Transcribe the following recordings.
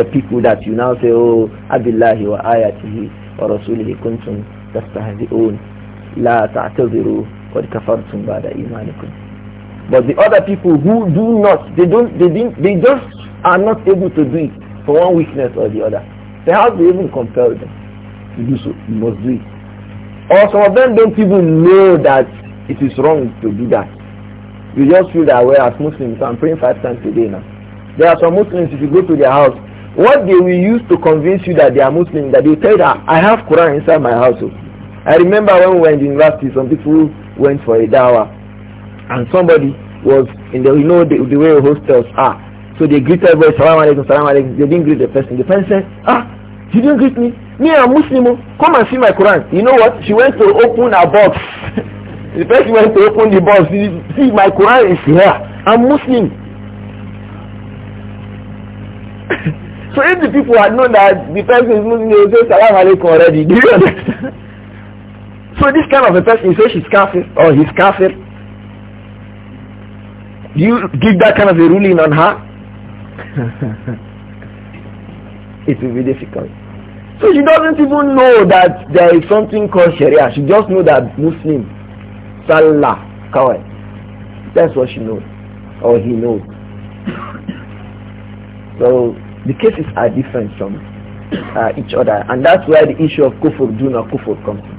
The people that you now say, oh, Abdullahi wa ayatihi wa rasulihi kuntum tastahzi'un. La ta'taziru qad kafartum ba'da imanikum. But the other people who do not, they don't, they didn't, they just are not able to do it for one weakness or the other. they how do even compel them to do so? You must do it. Or some of them don't even know that it is wrong to do that. You just feel that way as Muslims, I'm praying five times a day now. There are some Muslims, if you go to their house, what they will use to convince you that they are Muslim, that they tell you, ah, I have Quran inside my house. Oh. I remember when we were in the university, some people went for a dawah and somebody was in the, you know, the, the way hostels are. So they greeted everybody, salam alaikum, salam alaikum. They didn't greet the person. The person said, ah, you didn't greet me? Me, I'm Muslim. Oh. Come and see my Quran. You know what? She went to open her box. the person went to open the box. See, my Quran is here. I'm Muslim. So if the people had known that the person is Muslim, they would say Salam alaikum already. Do you understand? so this kind of a person, you say she's kafir or he's kafir. Do you give that kind of a ruling on her? it will be difficult. So she doesn't even know that there is something called Sharia. She just knows that Muslim, Salah, Kawai. That's what she knows. Or he knows. So the cases are different from uh, each other, and that's where the issue of kufur duna kufur comes. In.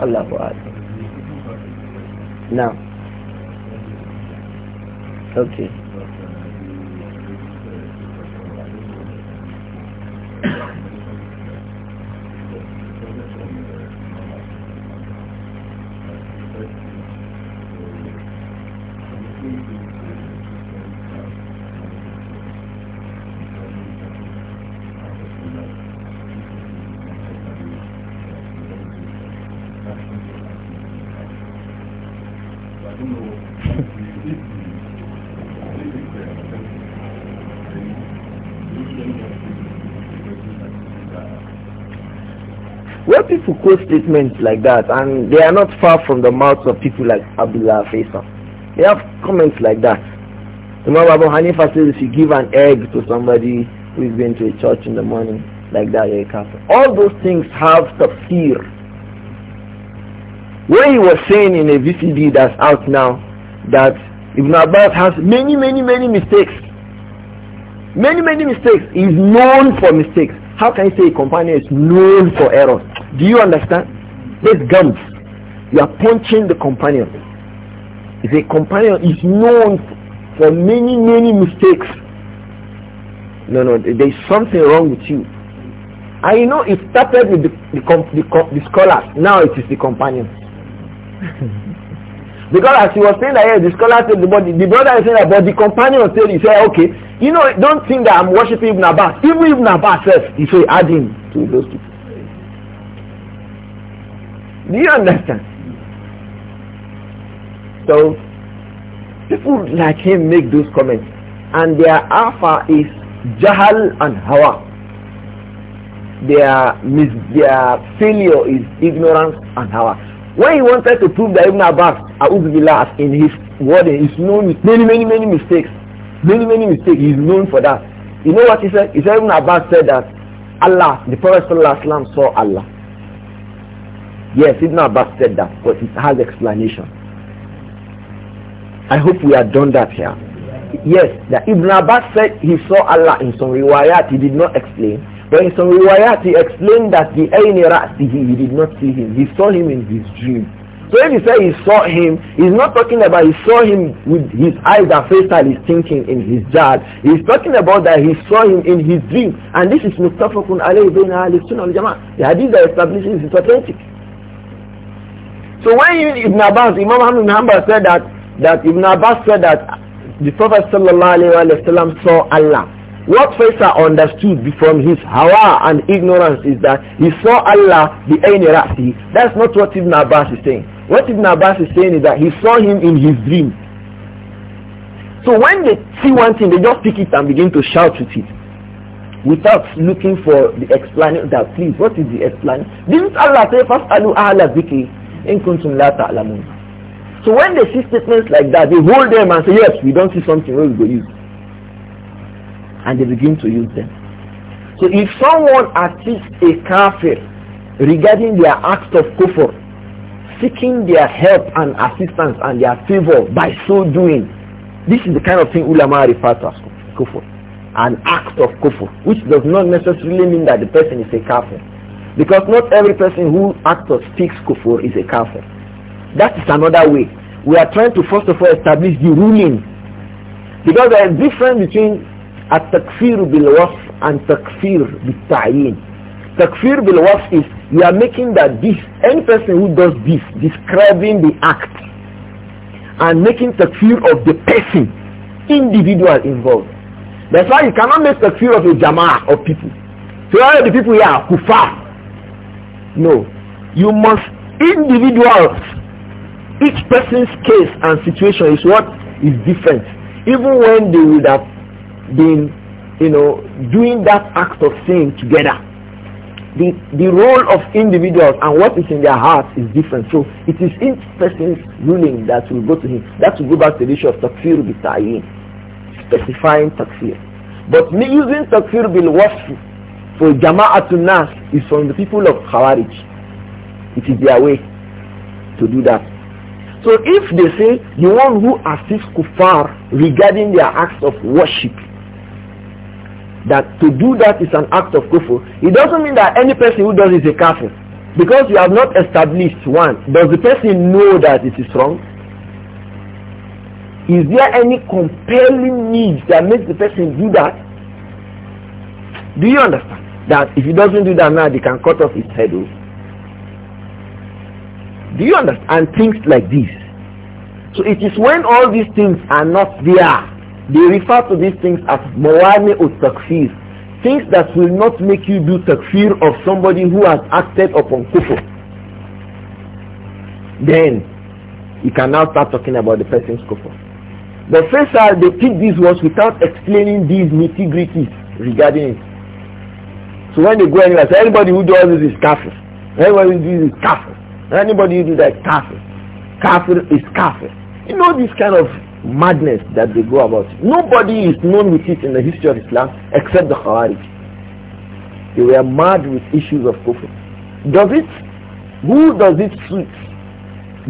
Allahu Now, okay. statements like that and they are not far from the mouths of people like Abdullah Faisal. They have comments like that. Imam Abu Hanifa says if you give an egg to somebody who is going to a church in the morning like that, you're All those things have tafsir. What he was saying in a VCD that's out now that Ibn Abbas has many, many, many mistakes. Many, many mistakes. He's known for mistakes. How can you say a companion is known for errors? Do you understand? These gums. You are punching the companion. If a companion is known for many, many mistakes, no, no, there is something wrong with you. I know it started with the, the, the, the scholars. Now it is the companion. because as he was saying that, yeah, the scholar said, the, the brother is saying that, but the companion said, he said, okay, you know, don't think that I'm worshiping Ibn Abbas. Even Ibn Abbas says, he say, add him to those people. Do you understand? So, people like him make those comments. And their alpha is Jahal and Hawa. Their, mis their failure is ignorance and Hawa. When he wanted to prove that Ibn Abbas, Abu in his wording, is known with many, many, many mistakes, many, many mistakes. He's known for that. You know what he said? He said, Ibn Abbas said that Allah, the Prophet Sallallahu saw Allah. Yes, Ibn Abbas said that, but it has explanation. I hope we have done that here. Yes, that Ibn Abbas said he saw Allah in some riwayat, he did not explain. But in some riwayat, he explained that the Ayn he did not see him. He saw him in his dream. So if he said he saw him, he's not talking about he saw him with his eyes and face and he's thinking in his jar. He's talking about that he saw him in his dream. And this is kun alayhi bin Ali Sunnah al-Jama'ah. The hadith that establishes is authentic. So when Ibn Abbas, Imam Ahmad ibn Hanbal said that, that Ibn Abbas said that the Prophet sallallahu alayhi wa sallam saw Allah. What Faisal understood from his hawa and ignorance is that he saw Allah the Ainirasi. That's not what Ibn Abbas is saying. What Ibn Abbas is saying is that he saw him in his dream. So when they see one thing, they just pick it and begin to shout with it without looking for the explanation that please, what is the explanation? Didn't Allah say, first alu ahla in kuntum la ta'lamun? So when they see statements like that, they hold them and say, yes, we don't see something, where we go use? and they begin to use them. So if someone assists a kafir regarding their act of kufr, seeking their help and assistance and their favor by so doing, this is the kind of thing ulama refer to as kufr, an act of kufr, which does not necessarily mean that the person is a kafir. Because not every person who acts or speaks kufr is a kafir. That is another way. We are trying to first of all establish the ruling. Because there is a difference between takfir bil بالوصف and takfir bil بالتعيين takfir bil بالوصف is you are making that this any person who does this describing the act and making takfir of the person individual involved that's why you cannot make takfir of a jama'ah of people so all the people here are kufar no you must individuals each person's case and situation is what is different even when they would have been, you know, doing that act of sin together. The, the role of individuals and what is in their hearts is different. So it is each person's ruling that will go to him. That will go back to the issue of takfir bitayin, specifying takfir. But me using takfir bil wasf for jama'atun nas is from the people of Khawarij. It is their way to do that. So if they say the one who assists kufar regarding their acts of worship, that to do that is an act of kufr, it doesn't mean that any person who does it is a kafir. Because you have not established one, does the person know that it is wrong? Is there any compelling need that makes the person do that? Do you understand? That if he doesn't do that now, they can cut off his head off. Oh. Do you understand? And things like this. So it is when all these things are not there they refer to these things as mawani or takfir. Things that will not make you do takfir of somebody who has acted upon kufr. Then, you can now start talking about the person's kufr. The first are they pick these words without explaining these nitty-gritties regarding it. So when they go anywhere, say anybody who does this is kafir. Anybody who does this is kafir. Anybody who does that kafir. Kafir is kafir. You know this kind of madness that they go about. Nobody is known with it in the history of Islam except the Khawarij. They were mad with issues of kufr. Does it, who does it suit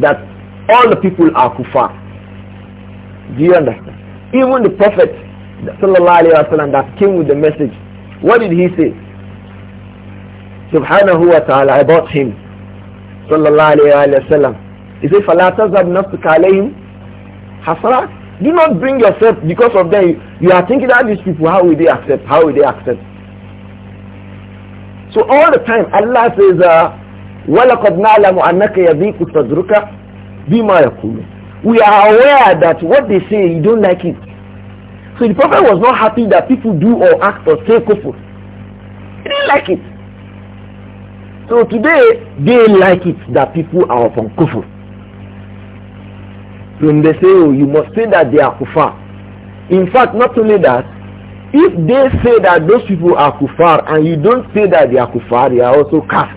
that all the people are kuffar? Do you understand? Even the Prophet wasallam, that came with the message, what did he say? Subhanahu wa ta'ala about him. Sallallahu alayhi wa sallam. He said, فَلَا تَذْهَبْ نَفْسُكَ عَلَيْهِمْ Hasara. Do not bring yourself because of them. You are thinking that these people, how will they accept? How will they accept? So all the time Allah says, وَلَقَدْ نَعْلَمُ أَنَّكَ يَضِيقُ صَدْرُكَ بِمَا يَقُولُ We are aware that what they say, you don't like it. So the Prophet was not happy that people do or act or say kufr. He didn't like it. So today, they like it that people are from kufr. When they say, oh, you must say that they are kufar. In fact, not only that, if they say that those people are kufar and you don't say that they are kufar, they are also kafir.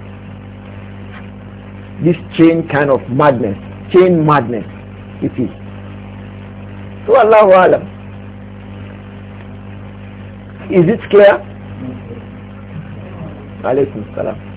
This chain kind of madness, chain madness, it is. So Allahu Alam. Is it clear? Mm-hmm. Alaykum salam.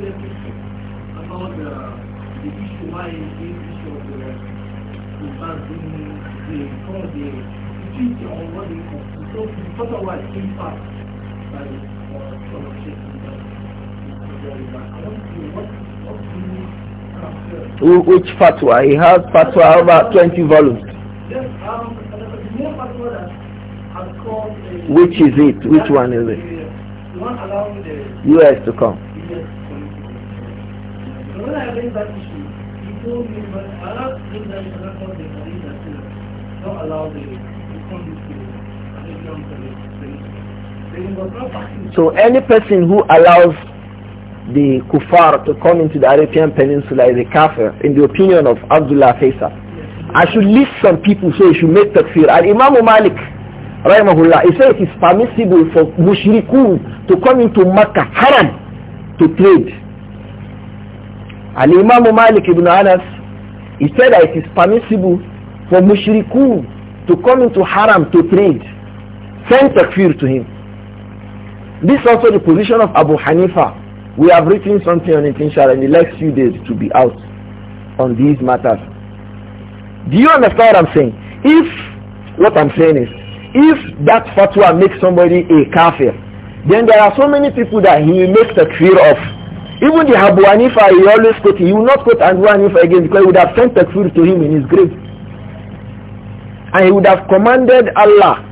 about the, uh, the issue why the issue of uh, the the the what they call so the total was impact by uh, which fatwa? He has fatwa over 20 volumes. Um, which is it? Which one is it? You one US to come that issue, but Arab international the so any person who allows the kuffar to come into the Arabian Peninsula is a kafir in the opinion of Abdullah Faisal. I should list some people so he should make takfir. And Imam Malik, rahimahullah, he said it is permissible for mushrikun to come into Makkah haram to trade. And Imam Malik ibn Anas, he said that it is permissible for mushrikun to come into haram to trade. Send takfir to him. This is also the position of Abu Hanifa. We have written something on it inshallah in the next few days to be out on these matters. Do you understand what I'm saying? If, what I'm saying is, if that fatwa makes somebody a kafir, then there are so many people that he makes takfir of. Even the Abu Hanifa, he always quote, he will not quote Abu Hanifa again because he would have sent takfir to him in his grave. And he would have commanded Allah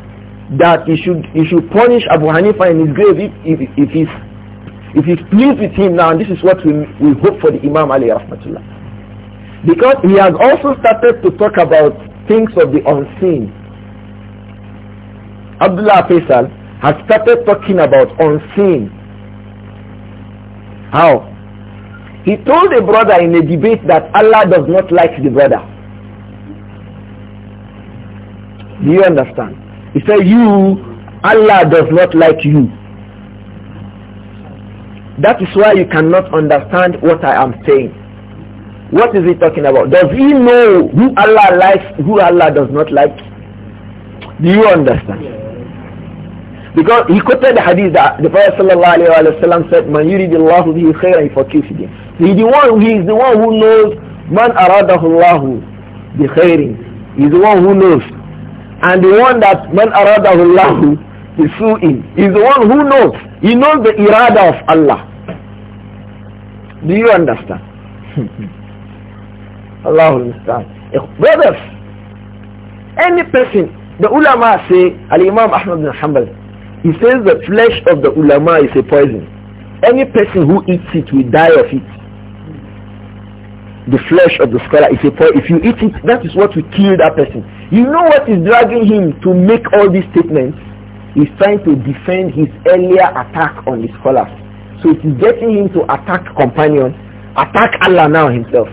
that he should, he should punish Abu Hanifa in his grave if, if, if, he's, if he's pleased with him now. And this is what we, we hope for the Imam Ali Rahmatullah. Because he has also started to talk about things of the unseen. Abdullah Faisal has started talking about unseen how? He told a brother in a debate that Allah does not like the brother. Do you understand? He said, you, Allah does not like you. That is why you cannot understand what I am saying. What is he talking about? Does he know who Allah likes, who Allah does not like? Do you understand? Because he quoted the hadith that the Prophet ﷺ said, Man yuridillahu bihi khairan, he forgives him. He, the one, he is the one who knows, Man aradahu Allahu bi khairin. He is the one who knows. And the one that Man aradahu Allahu bi su'in. is the one who knows. He knows the irada of Allah. Do you understand? Allahul Musta'an. Brothers, any person the ulama say al-imam ahmad bin hanbal he says the flesh of the ulama is a poison. Any person who eats it will die of it. The flesh of the scholar is a poison. If you eat it, that is what will kill that person. You know what is dragging him to make all these statements? He's trying to defend his earlier attack on the scholars. So it is getting him to attack companion, attack Allah now himself.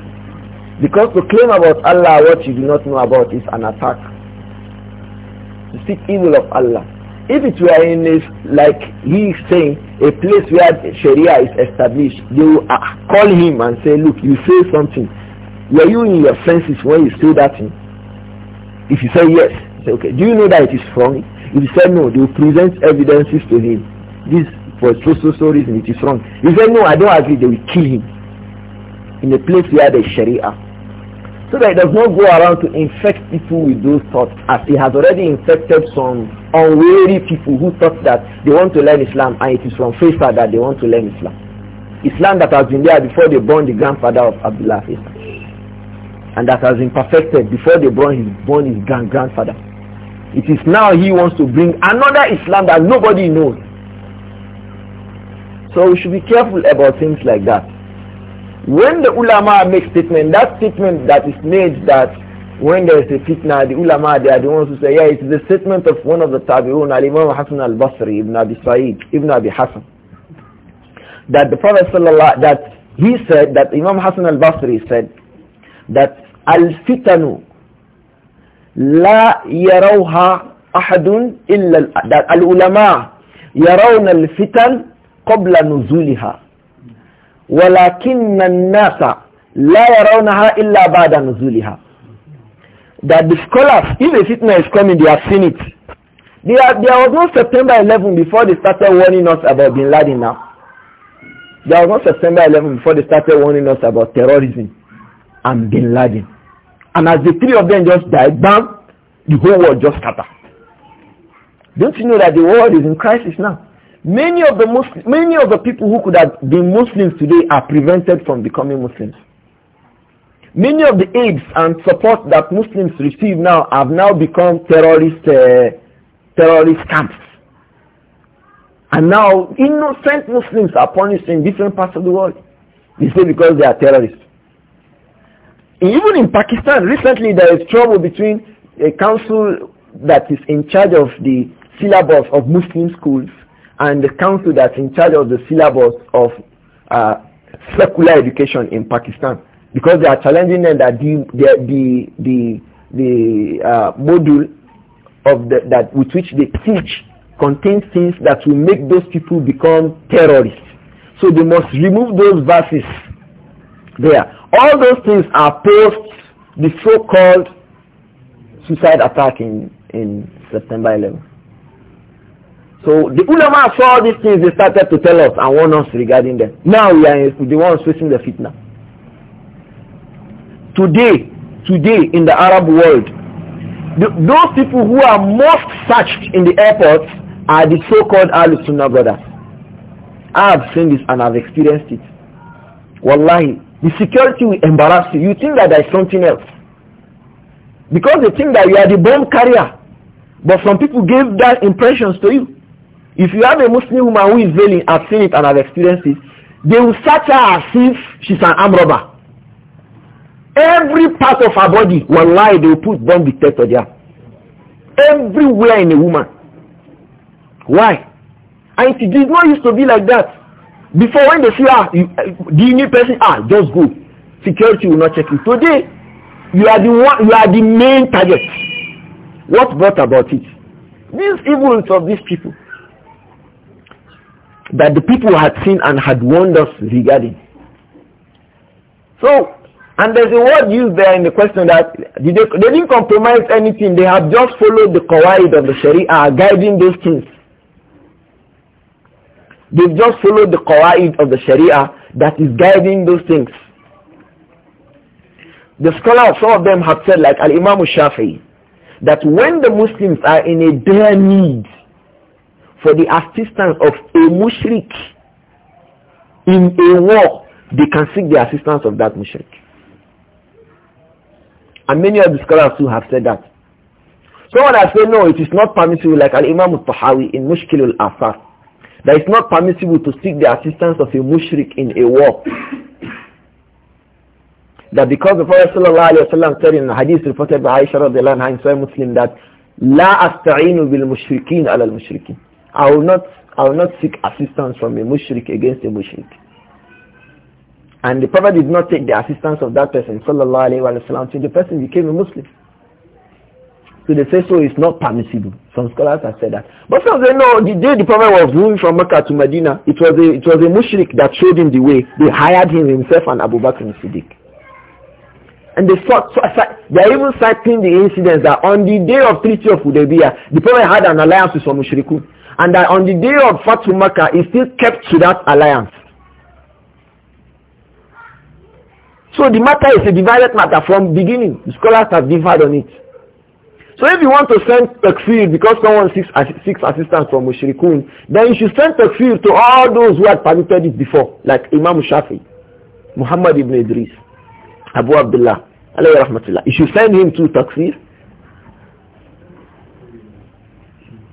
Because to claim about Allah what you do not know about is an attack. To speak evil of Allah. If it were in this, like he is saying, a place where Sharia is established, they will uh, call him and say, look, you say something. Were you in your senses when you say that thing? If you say yes, say, okay, do you know that it is wrong? If you say no, they will present evidences to him. This, for so, so, so reason, it is wrong. If you say no, I don't agree, they will kill him. In a place where there is Sharia so that it does not go around to infect people with those thoughts as he has already infected some unwary people who thought that they want to learn Islam and it is from Faisal that they want to learn Islam. Islam that has been there before they born the grandfather of Abdullah Faisal. And that has been perfected before they born his, born his grand grandfather. It is now he wants to bring another Islam that nobody knows. So we should be careful about things like that. When the ulama makes statement, that statement that is made that when there is a fitna, the ulama, they are the ones who say, yeah, it's the statement of one of the tabi'un, al-imam Hassan al-Basri, Ibn Abi Sa'id, Ibn Abi Hassan, that the Prophet sallallahu that he said, that Imam Hassan al-Basri said, that al-fitanu la yarawha ahadun illa that al-ulama yarawna al-fitan qabla nuzuliha walakinna al nasa la yarawna ha illa ba'da nuzuliha that the scholars, if a fitna is coming, they have seen it. There, there was no September 11 before they started warning us about Bin Laden now. There was no September 11 before they started warning us about terrorism and Bin Laden. And as the three of them just died, bam, the whole world just scattered. Don't you know that the world is in crisis now? Many of the Muslim, many of the people who could have been Muslims today are prevented from becoming Muslims. Many of the aids and support that Muslims receive now have now become terrorist, uh, terrorist camps. And now innocent Muslims are punished in different parts of the world. They say because they are terrorists. Even in Pakistan, recently there is trouble between a council that is in charge of the syllabus of Muslim schools and the council that's in charge of the syllabus of uh, secular education in Pakistan because they are challenging them that the the the the, uh, module of the, that with which they teach contains things that will make those people become terrorists. So they must remove those verses there. All those things are post the so-called suicide attack in, in September 11. So the ulama saw these things, they started to tell us and warn us regarding them. Now we are the ones facing the fitna today, today in the Arab world, the, those people who are most searched in the airports are the so-called Al-Sunnah brothers. I have seen this and I've experienced it. Wallahi, the security will embarrass you. You think that there is something else. Because they think that you are the bomb carrier. But some people gave that impressions to you. If you have a Muslim woman who is veiling, I've seen it and I've experienced it, they will search her as if she's an arm robber. Every part of her body, lie they will put bomb detector there. Everywhere in a woman. Why? And it did not used to be like that. Before when they see a you, uh, the new person, ah, just go. Security will not check you. Today, you are the one, you are the main target. What brought about it? These evils of these people that the people had seen and had warned us regarding. So and there's a word used there in the question that they, they didn't compromise anything. They have just followed the qawaid of the Sharia guiding those things. They've just followed the qawaid of the Sharia that is guiding those things. The scholars, some of them have said like Al-Imam Shafi'i, that when the Muslims are in a dire need for the assistance of a mushrik in a war, they can seek the assistance of that mushrik. And many of the scholars too have said that. Someone has said, no, it is not permissible, like Al-Imam al-Tahawi in Mushkil al that it's not permissible to seek the assistance of a mushrik in a war. that because the Prophet ﷺ said in the hadith reported by Aisha radiallahu anha in Sahih Muslim that La استعين bil mushrikin ala al mushrikin. I will not I will not seek assistance from a mushrik against a mushrik. And the Prophet did not take the assistance of that person, sallallahu alayhi wa till the person became a Muslim. So they say so it's not permissible. Some scholars have said that. But some say no, the day the Prophet was moving from Mecca to Medina, it was a it was a mushrik that showed him the way. They hired him himself and Abu Bakr and Siddiq. And they sought, they are even citing the incidents that on the day of Treaty of Hudaybiyah, the Prophet had an alliance with some mushrikun. And that on the day of Fatu Makkah, he still kept to that alliance. So the matter is a divided matter from beginning. The scholars have divided on it. So if you want to send takfir because someone seeks, seeks assistance from mushrikun, then you should send takfir to all those who had permitted it before, like Imam Shafi, Muhammad ibn Idris, Abu Abdullah, alayhi rahmatullah. You should send him to takfir.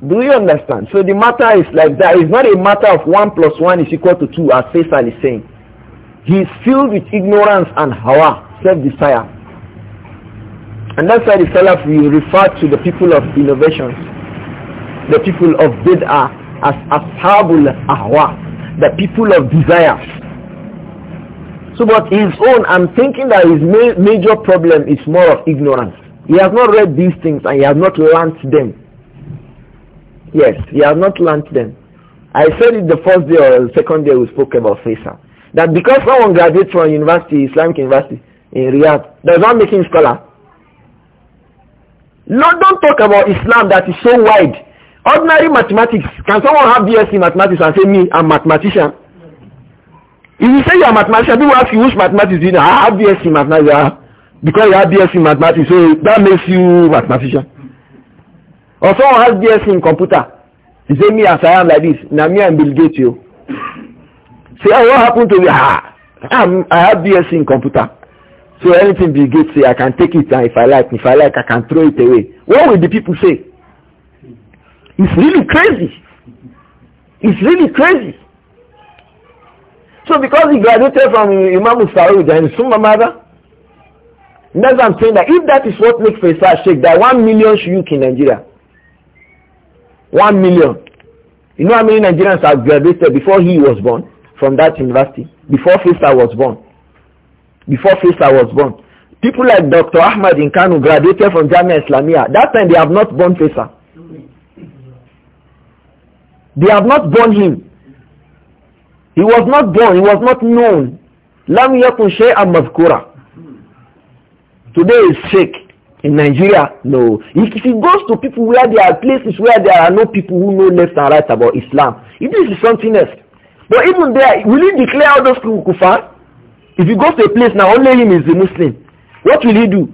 Do you understand? So the matter is like that. It's not a matter of 1 plus 1 is equal to 2 as Faisal is saying. He is filled with ignorance and hawa, self-desire. And that's why the Salaf we refer to the people of innovations, the people of bid'ah as ashabul ahwa, the people of desires. So but his own, I'm thinking that his ma major problem is more of ignorance. He has not read these things and he has not learnt them. Yes, he has not learnt them. I said it the first day or the second day we spoke about Faisal. That because someone graduates from university, Islamic university in Riyadh, does not make him scholar. No, don't talk about Islam that is so wide. Ordinary mathematics. Can someone have BSc mathematics and say me, I'm mathematician? If you say you're a mathematician, people ask you which mathematics you know. I have BSc mathematics. Because you have BSc mathematics, so that makes you mathematician. Or someone has BSc in computer. You say me as I am like this. Now me and Bill Gates you. Say, oh, what happened to me. I'm, I have BSc in computer. So anything be good. say, I can take it and if I like, if I like, I can throw it away. What will the people say? It's really crazy. It's really crazy. So because he graduated from Imam Saud and Summa Mother, that's what I'm saying that if that is what makes Faisal shake, that one million shuyuk in Nigeria, one million. You know how many Nigerians have graduated before he was born? from that university before Fisa was born. Before Fisa was born. People like Dr. Ahmad in Kanu graduated from Jamia Islamia. That time they have not born Fisa. They have not born him. He was not born. He was not known. Lam yakun shay'an mazkura. Today is Sheikh. In Nigeria, no. If, if it goes to people where there are places where there are no people who know left and right about Islam, if this is something else, but even there, will he declare all those people kufar? If he goes to a place now, only him is a Muslim. What will he do?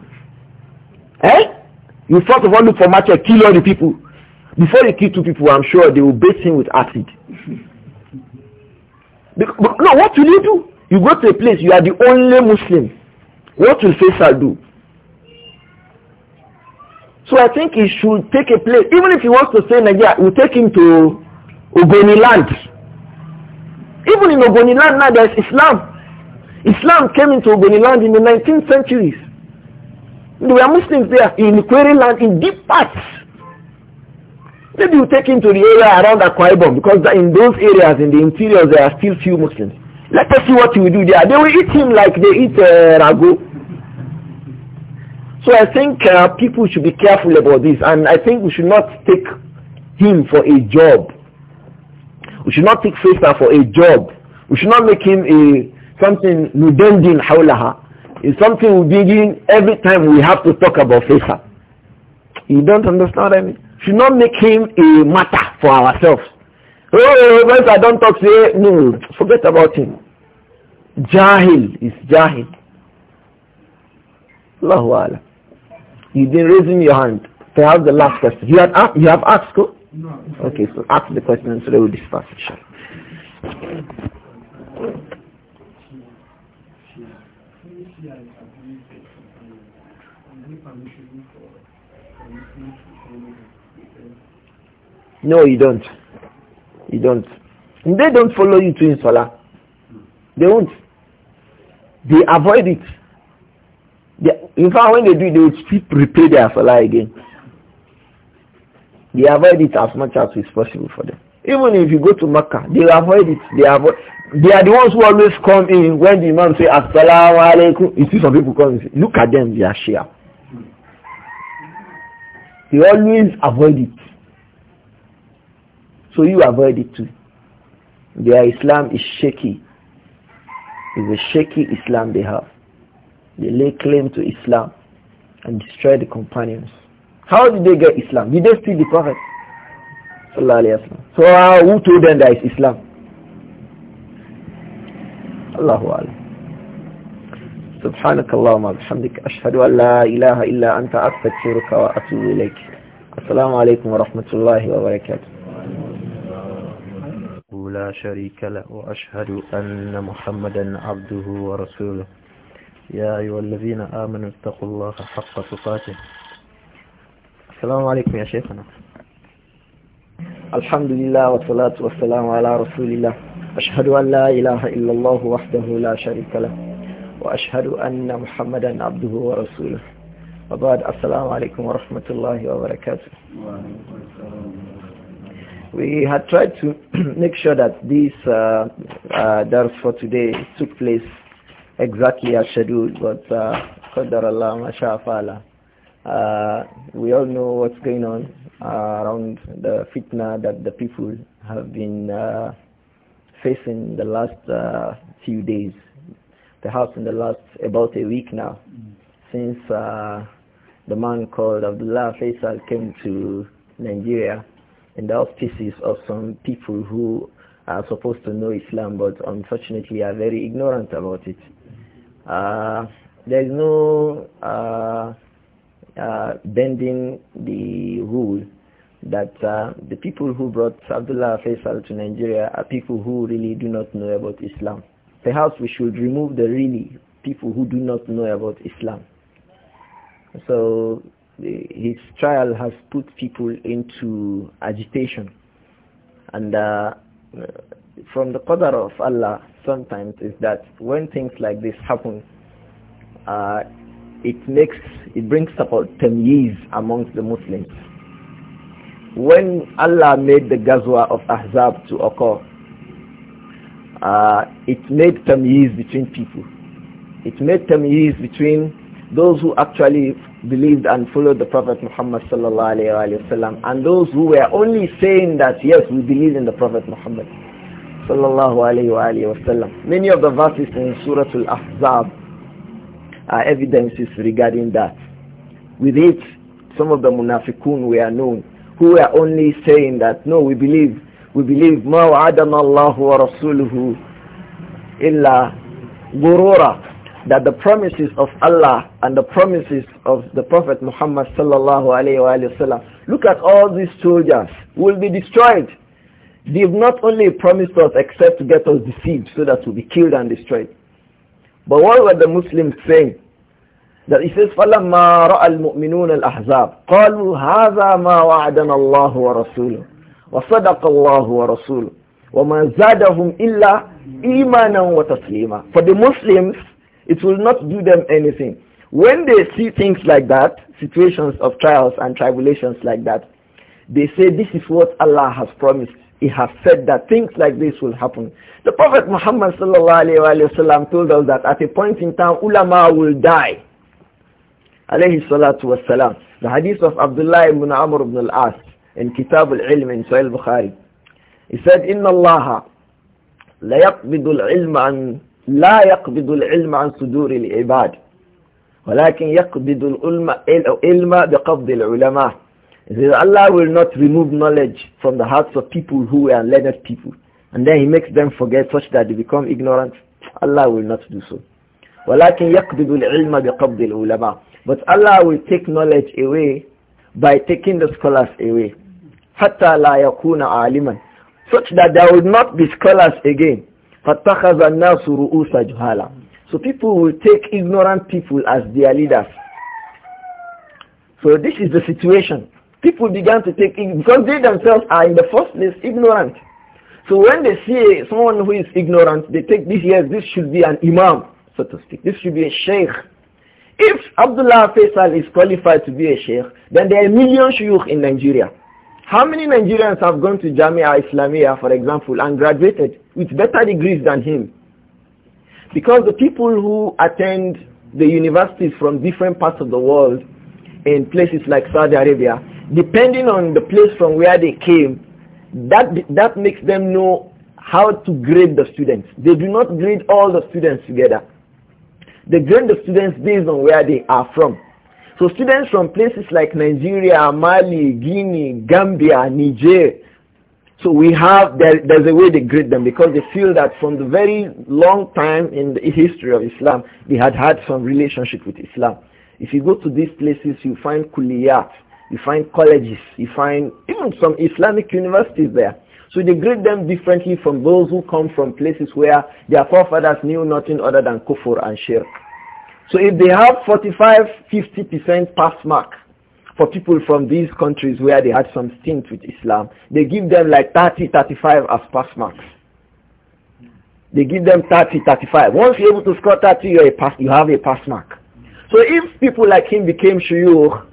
Eh? You first of all look for match, kill all the people. Before you kill two people, I'm sure they will bait him with acid. Because, no, what will you do? You go to a place, you are the only Muslim. What will Faisal do? So I think he should take a place, even if he wants to stay in Nigeria, we'll take him to Ogoni land. Even in Ogoniland now there's Islam. Islam came into Ogoniland in the 19th centuries. There were Muslims there in Kwere land in deep parts. Maybe you take into the area around Akwa Ibom because in those areas in the interior there are still few Muslims. Let us see what you will do there. They will eat him like they eat uh, ragu. So I think uh, people should be careful about this and I think we should not take him for a job we should not take Faisal for a job. We should not make him a something nudendin hawlaha. It's something we begin every time we have to talk about Faisal. You don't understand what I mean? Should not make him a matter for ourselves. Oh, once I don't talk, say, no, forget about him. Jahil is Jahil. Allahu Alam. You didn't raise your hand. Perhaps the last question. You, you have asked, no. Okay, so ask the question so they will discuss No, you don't. You don't. They don't follow you to Insola. They won't. They avoid it. They, in fact, when they do, they will replay their Salah again they avoid it as much as is possible for them. Even if you go to Makkah, they avoid it. They avoid. They are the ones who always come in when the imam say Assalamu alaikum. You see some people come and say, look at them, they are Shia. They always avoid it. So you avoid it too. Their Islam is shaky. It's a shaky Islam they have. They lay claim to Islam and destroy the companions. How did they get Islam? Did they steal the Prophet? So uh, who told them that is Islam? Allahu Alam. سبحانك اللهم وبحمدك أشهد أن لا إله إلا أنت أستغفرك وأتوب إليك السلام عليكم ورحمة الله وبركاته لا شريك له وأشهد أن محمدا عبده ورسوله يا أيها الذين آمنوا اتقوا الله حق تقاته السلام عليكم يا شيخنا الحمد لله والصلاة والسلام على رسول الله أشهد أن لا إله إلا الله وحده لا شريك له وأشهد أن محمدا عبده ورسوله وبعد السلام عليكم ورحمة الله وبركاته We had tried to make sure that this uh, uh, dars for today took place exactly as scheduled, but uh, قدر الله ما شاء فعله Uh, we all know what's going on uh, around the fitna that the people have been uh, facing the last uh, few days, perhaps in the last about a week now, mm-hmm. since uh, the man called Abdullah Faisal came to Nigeria in the auspices of some people who are supposed to know Islam but unfortunately are very ignorant about it. Mm-hmm. Uh, there is no uh, bending the rule that uh, the people who brought Abdullah Faisal to Nigeria are people who really do not know about Islam. Perhaps we should remove the really people who do not know about Islam. So his trial has put people into agitation and uh, from the qadar of Allah sometimes is that when things like this happen uh, it makes it brings about tamyiz amongst the Muslims. When Allah made the Ghazwa of Ahzab to occur, uh, it made tamyiz between people. It made tamyiz between those who actually believed and followed the Prophet Muhammad sallallahu and those who were only saying that yes, we believe in the Prophet Muhammad sallallahu Many of the verses in Surah Al-Ahzab are evidences regarding that. With it, some of the munafiqun were known, who were only saying that, no, we believe, we believe, مَا Allahu wa Rasuluhu illa gurura, that the promises of Allah and the promises of the Prophet Muhammad sallallahu alayhi wa look at all these soldiers will be destroyed. They've not only promised us except to get us deceived so that we'll be killed and destroyed. But what were the Muslims saying? That he says, فَلَمَّا رَأَى الْمُؤْمِنُونَ الْأَحْزَابِ قَالُوا هَذَا مَا وَعَدَنَا اللَّهُ وَرَسُولُهُ وَصَدَقَ اللَّهُ وَرَسُولُهُ وَمَا زَادَهُمْ إِلَّا إِيمَانًا وَتَسْلِيمًا For the Muslims, it will not do them anything. When they see things like that, situations of trials and tribulations like that, they say this is what Allah has promised He has said that things like this will happen. The Prophet Muhammad وسلم, told us that at a point in time, ulama will die. Alayhi salatu wasalam. The hadith of Abdullah ibn Amr ibn al-As in Kitab al-Ilm in Sahih al Bukhari. He said, إِنَّ اللَّهَ لَيَقْبِضُ الْعِلْمَ عَنْ لا يقبض العلم عن صدور العباد ولكن يقبض العلم بقبض العلماء He says, Allah will not remove knowledge from the hearts of people who are learned people. And then he makes them forget such that they become ignorant. Allah will not do so. but Allah will take knowledge away by taking the scholars away hatta la yakuna عالما such that there will not be scholars again so people will take ignorant people as their leaders so this is the situation people began to take it because they themselves are in the first place ignorant. So when they see someone who is ignorant, they take this, yes, this should be an imam, so to speak. This should be a sheikh. If Abdullah Faisal is qualified to be a sheikh, then there are a million shuyukh in Nigeria. How many Nigerians have gone to Jamia Islamia, for example, and graduated with better degrees than him? Because the people who attend the universities from different parts of the world in places like Saudi Arabia, depending on the place from where they came, that, that makes them know how to grade the students. They do not grade all the students together. They grade the students based on where they are from. So students from places like Nigeria, Mali, Guinea, Gambia, Niger, so we have, there, there's a way they grade them because they feel that from the very long time in the history of Islam, they had had some relationship with Islam. If you go to these places, you find kuliyat, you find colleges, you find even some Islamic universities there. So they grade them differently from those who come from places where their forefathers knew nothing other than kufur and shirk. So if they have 45, 50% pass mark for people from these countries where they had some stint with Islam, they give them like 30, 35 as pass marks. They give them 30, 35. Once you're able to score 30, you're a pass, you have a pass mark. So if people like him became shuyukh,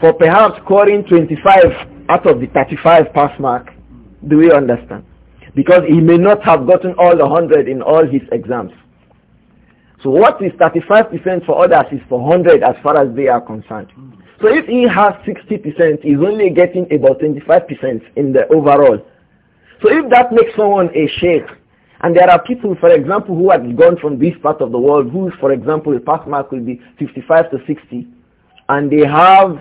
for perhaps scoring 25 out of the 35 pass mark. Do we understand? Because he may not have gotten all the 100 in all his exams. So what is 35% for others is for 100 as far as they are concerned. So if he has 60%, he's only getting about 25% in the overall. So if that makes someone a sheikh, and there are people, for example, who have gone from this part of the world, whose, for example, the pass mark will be 55 to 60, and they have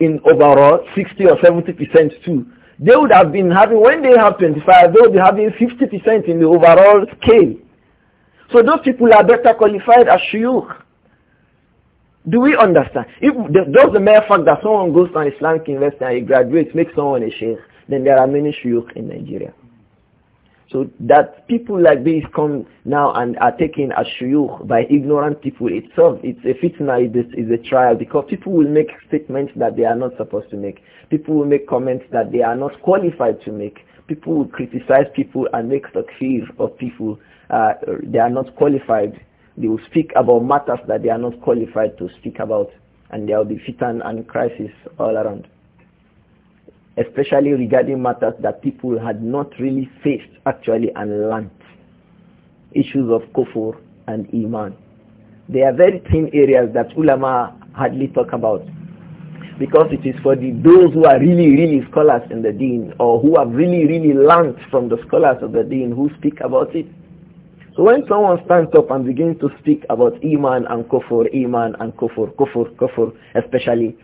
in overall 60 or 70 percent too. They would have been having, when they have 25, they would be having 50 percent in the overall scale. So those people are better qualified as shuyukh. Do we understand? If the, does the mere fact that someone goes to an Islamic university and he graduates make someone a sheikh, then there are many shuyukh in Nigeria. So that people like these come now and are taken as shuyukh by ignorant people itself, it's a fitna, it's, it's a trial because people will make statements that they are not supposed to make. People will make comments that they are not qualified to make. People will criticize people and make takfir of people. Uh, they are not qualified. They will speak about matters that they are not qualified to speak about and there will be fitan and crisis all around especially regarding matters that people had not really faced actually and learnt, issues of kufur and iman. They are very thin areas that ulama hardly talk about because it is for the, those who are really, really scholars in the deen or who have really, really learnt from the scholars of the deen who speak about it. So when someone stands up and begins to speak about Iman and Kufur, Iman and Kufur, Kufur, Kufur especially,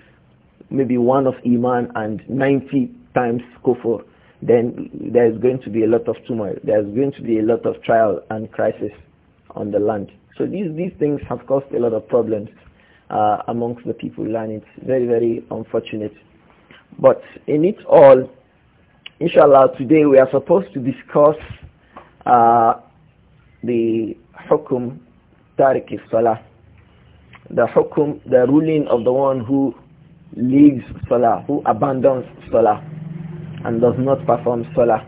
maybe one of Iman and 90 times kufr, then there is going to be a lot of turmoil. There is going to be a lot of trial and crisis on the land. So these, these things have caused a lot of problems uh, amongst the people and it's very, very unfortunate. But in it all, inshallah, today we are supposed to discuss uh, the hukum tariq salah the hukum, the ruling of the one who leaves Salah, who abandons Salah and does not perform Salah.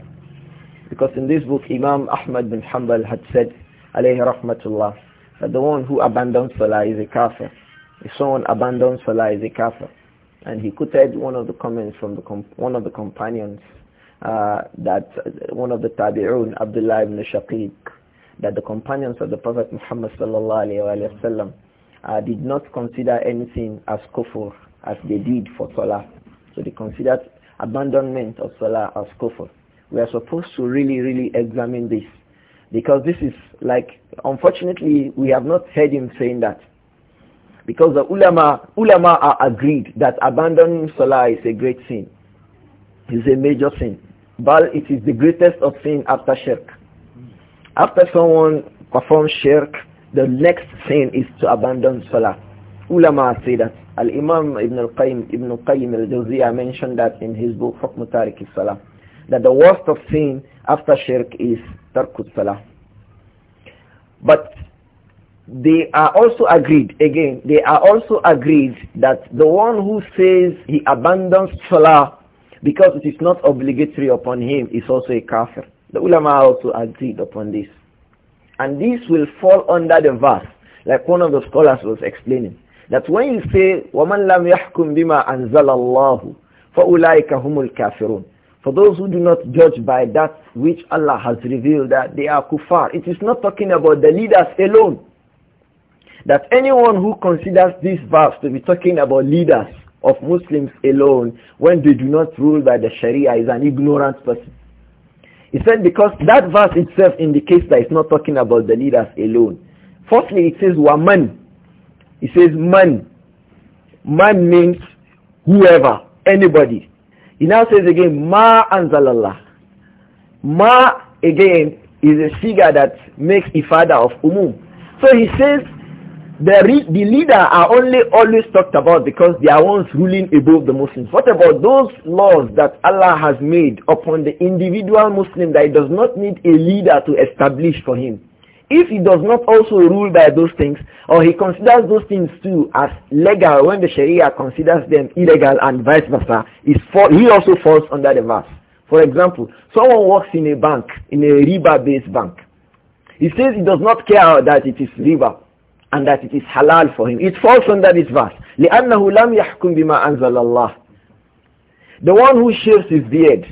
Because in this book Imam Ahmad bin Hanbal had said, alayhi rahmatullah, that the one who abandons Salah is a kafir. If someone abandons Salah is a kafir. And he quoted one of the comments from the one of the companions uh, that uh, one of the tabi'un, Abdullah ibn Shaqiq, that the companions of the Prophet Muhammad sallallahu alayhi wa sallam uh, did not consider anything as kufr as they did for Salah. So they considered abandonment of Salah as kufr. We are supposed to really, really examine this. Because this is like, unfortunately, we have not heard him saying that. Because the ulama, ulama are agreed that abandoning Salah is a great sin. It's a major sin. But it is the greatest of sin after shirk. After someone performs shirk, the next sin is to abandon Salah ulama said that Al-Imam Ibn Al-Qayyim Ibn Al-Qayyim Al-Jawziyah mentioned that in his book Hukm Tariq Salah that the worst of sin after shirk is Tarkut Salah. But they are also agreed, again, they are also agreed that the one who says he abandons Salah because it is not obligatory upon him is also a kafir. The ulama also agreed upon this. And this will fall under the verse, like one of the scholars was explaining. That when you say, وَمَنْ لَمْ يَحْكُمْ بِمَا أَنزَلَ اللَّهُ فَأُولَٰئِكَ هُمُ الْكَافِرُونَ For those who do not judge by that which Allah has revealed that they are kuffar. It is not talking about the leaders alone. That anyone who considers this verse to be talking about leaders of Muslims alone when they do not rule by the Sharia is an ignorant person. He said because that verse itself indicates that it's not talking about the leaders alone. Firstly, it says وَمَن he says man. Man means whoever, anybody. He now says again, ma anzalallah. Ma again is a figure that makes a father of umum. So he says the, the leader are only always talked about because they are ones ruling above the Muslims. What about those laws that Allah has made upon the individual Muslim that he does not need a leader to establish for him? If he does not also rule by those things, or he considers those things too as legal when the Sharia considers them illegal and vice versa, he also falls under the verse. For example, someone works in a bank, in a riba-based bank. He says he does not care that it is riba and that it is halal for him. It falls under this verse. لِأَنَّهُ لَمْ يَحْكُمْ بِمَا أَنزَلَ اللَّهِ The one who shaves his beard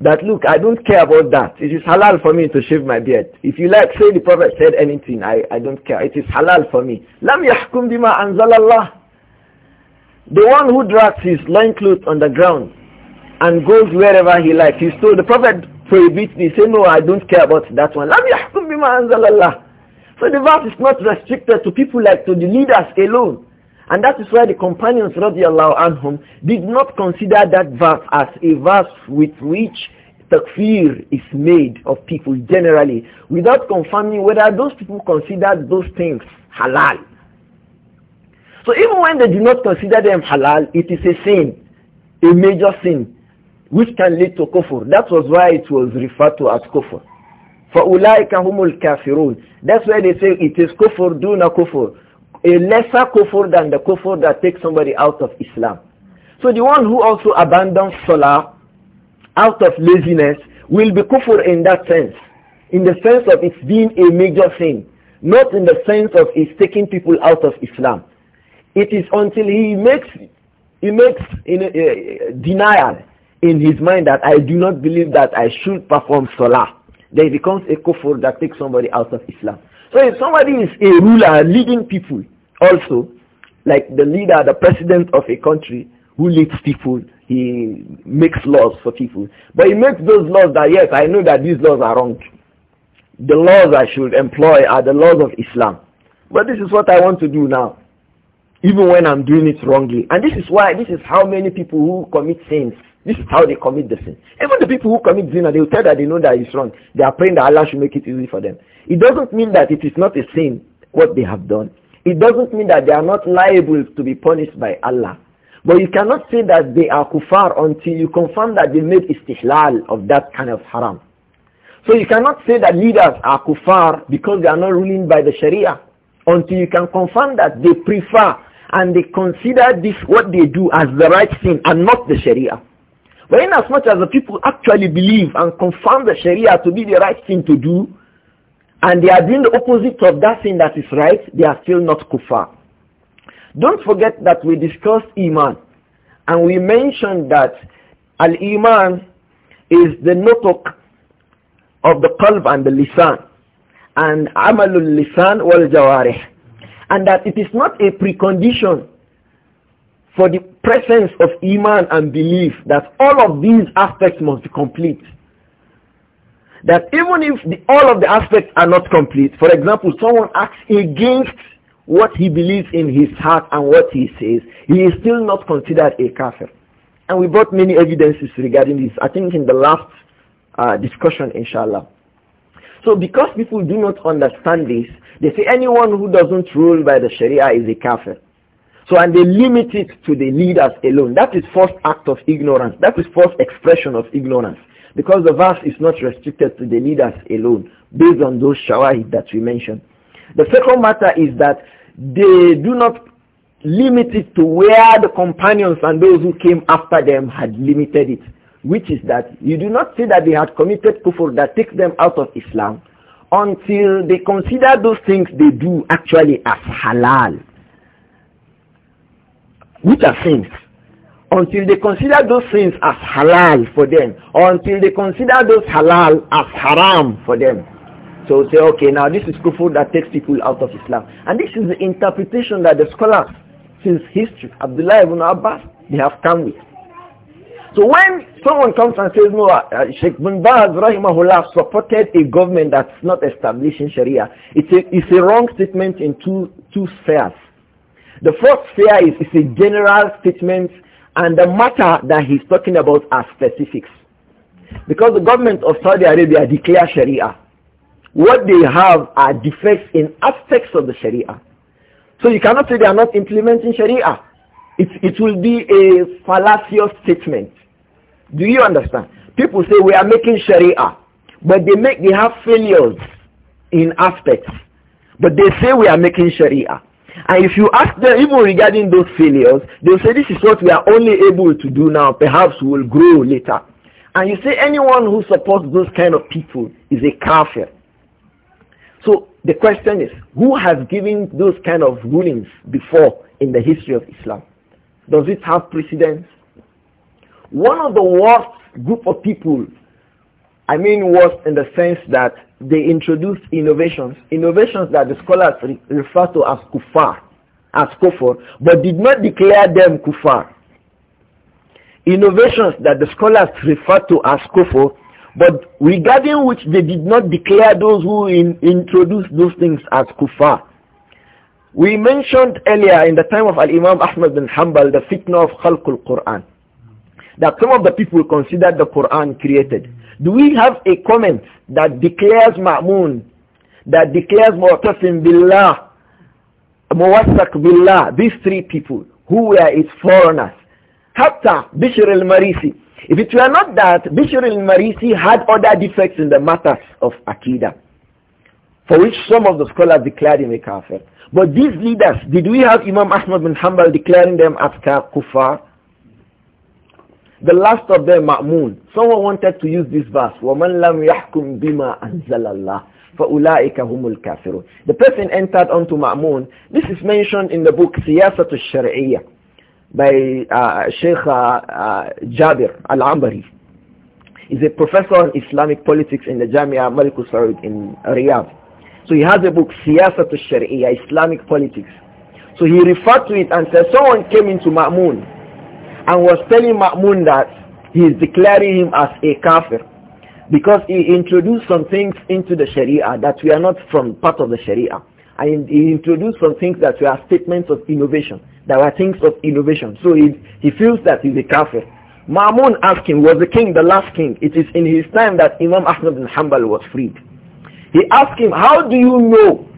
that look, I don't care about that. It is halal for me to shave my beard. If you like, say the Prophet said anything, I, I don't care. It is halal for me. Lam yahkum bima anzalallah. The one who drags his loincloth on the ground and goes wherever he likes, he told, the Prophet prohibits me. Say, no, I don't care about that one. Lam yahkum bima anzalallah. So the verse is not restricted to people like to the leaders alone. And that is why the companions radiallahu anhum did not consider that verse as a verse with which takfir is made of people generally without confirming whether those people considered those things halal. So even when they do not consider them halal, it is a sin, a major sin, which can lead to kufr. That was why it was referred to as kufr. فَأُولَٰئِكَ هُمُ الْكَافِرُونَ That's why they say it is kufr, duna kufr a lesser kufr than the kufr that takes somebody out of Islam. So the one who also abandons Salah out of laziness will be kufr in that sense, in the sense of it's being a major sin, not in the sense of it's taking people out of Islam. It is until he makes, he makes in a, a denial in his mind that I do not believe that I should perform Salah. Then it becomes a kufr that takes somebody out of Islam. So if somebody is a ruler leading people also, like the leader, the president of a country who leads people, he makes laws for people. But he makes those laws that, yes, I know that these laws are wrong. The laws I should employ are the laws of Islam. But this is what I want to do now, even when I'm doing it wrongly. And this is why, this is how many people who commit sins, this is how they commit the sin. Even the people who commit zina, they will tell that they know that it's wrong. They are praying that Allah should make it easy for them. It doesn't mean that it is not a sin what they have done. It doesn't mean that they are not liable to be punished by Allah. But you cannot say that they are kufar until you confirm that they made istihlal of that kind of haram. So you cannot say that leaders are kufar because they are not ruling by the sharia until you can confirm that they prefer and they consider this what they do as the right thing and not the sharia. But in as much as the people actually believe and confirm the Sharia to be the right thing to do, and they are doing the opposite of that thing that is right, they are still not kuffar. Don't forget that we discussed Iman, and we mentioned that Al-Iman is the notok of the qalb and the lisan, and amalul lisan wal jawarih, and that it is not a precondition for the presence of Iman and belief that all of these aspects must be complete. That even if the, all of the aspects are not complete, for example, someone acts against what he believes in his heart and what he says, he is still not considered a kafir. And we brought many evidences regarding this, I think in the last uh, discussion, inshallah. So because people do not understand this, they say anyone who doesn't rule by the Sharia is a kafir. So, and they limit it to the leaders alone. That is first act of ignorance. That is first expression of ignorance. Because the verse is not restricted to the leaders alone, based on those shawahid that we mentioned. The second matter is that they do not limit it to where the companions and those who came after them had limited it, which is that you do not say that they had committed kufr that takes them out of Islam until they consider those things they do actually as halal which are sins, until they consider those sins as halal for them, or until they consider those halal as haram for them. So say, okay, now this is kufr that takes people out of Islam. And this is the interpretation that the scholars since history, Abdullah ibn Abbas, they have come with. So when someone comes and says, no, uh, uh Sheikh bin Baz, rahimahullah, supported a government that's not establishing Sharia, it's a, it's a wrong statement in two, two spheres. The first fear is, is a general statement and the matter that he's talking about are specifics. Because the government of Saudi Arabia declare Sharia. What they have are defects in aspects of the Sharia. So you cannot say they are not implementing Sharia. It, it will be a fallacious statement. Do you understand? People say we are making Sharia, but they make they have failures in aspects. But they say we are making Sharia. And if you ask them even regarding those failures, they'll say, this is what we are only able to do now. Perhaps we will grow later. And you say anyone who supports those kind of people is a kafir. So the question is, who has given those kind of rulings before in the history of Islam? Does it have precedence? One of the worst group of people, I mean worst in the sense that they introduced innovations, innovations that the scholars re refer to as kufar, as kufar, but did not declare them kufar. Innovations that the scholars refer to as kufar, but regarding which they did not declare those who in, introduced those things as kufar. We mentioned earlier in the time of Al-Imam Ahmad bin Hanbal the fitna of Khalqul Quran. That some of the people considered the Quran created. Do we have a comment that declares Ma'mun, that declares Mu'tasim Billah, Muwassak Billah, these three people who were its foreigners? Hatta Bishr al-Marisi. If it were not that, Bishr al-Marisi had other defects in the matters of akida, for which some of the scholars declared him a kafir. But these leaders, did we have Imam Ahmad bin Hanbal declaring them as kafir? The last of them, Ma'mun, someone wanted to use this verse, وَمَنْ لَمْ يَحْكُمْ بِمَا أَنزَلَ اللَّهِ فَأُولَٰئِكَ هُمُ الْكَافِرُونَ The person entered onto Ma'mun. This is mentioned in the book Siyasat al-Shari'iyya by uh, Sheikh uh, uh Jabir al-Ambari. He's a professor on Islamic politics in the Jamia Malikus Saud in Riyadh. So he has a book, Siyasat al-Shari'iyya, Islamic politics. So he referred to it and said, someone came into Ma'mun and was telling Ma'mun that he is declaring him as a kafir because he introduced some things into the Sharia that we are not from part of the Sharia. And he introduced some things that were statements of innovation. that were things of innovation. So he, he feels that he's a kafir. Ma'mun asked him, was the king the last king? It is in his time that Imam Ahmad bin Hanbal was freed. He asked him, how do you know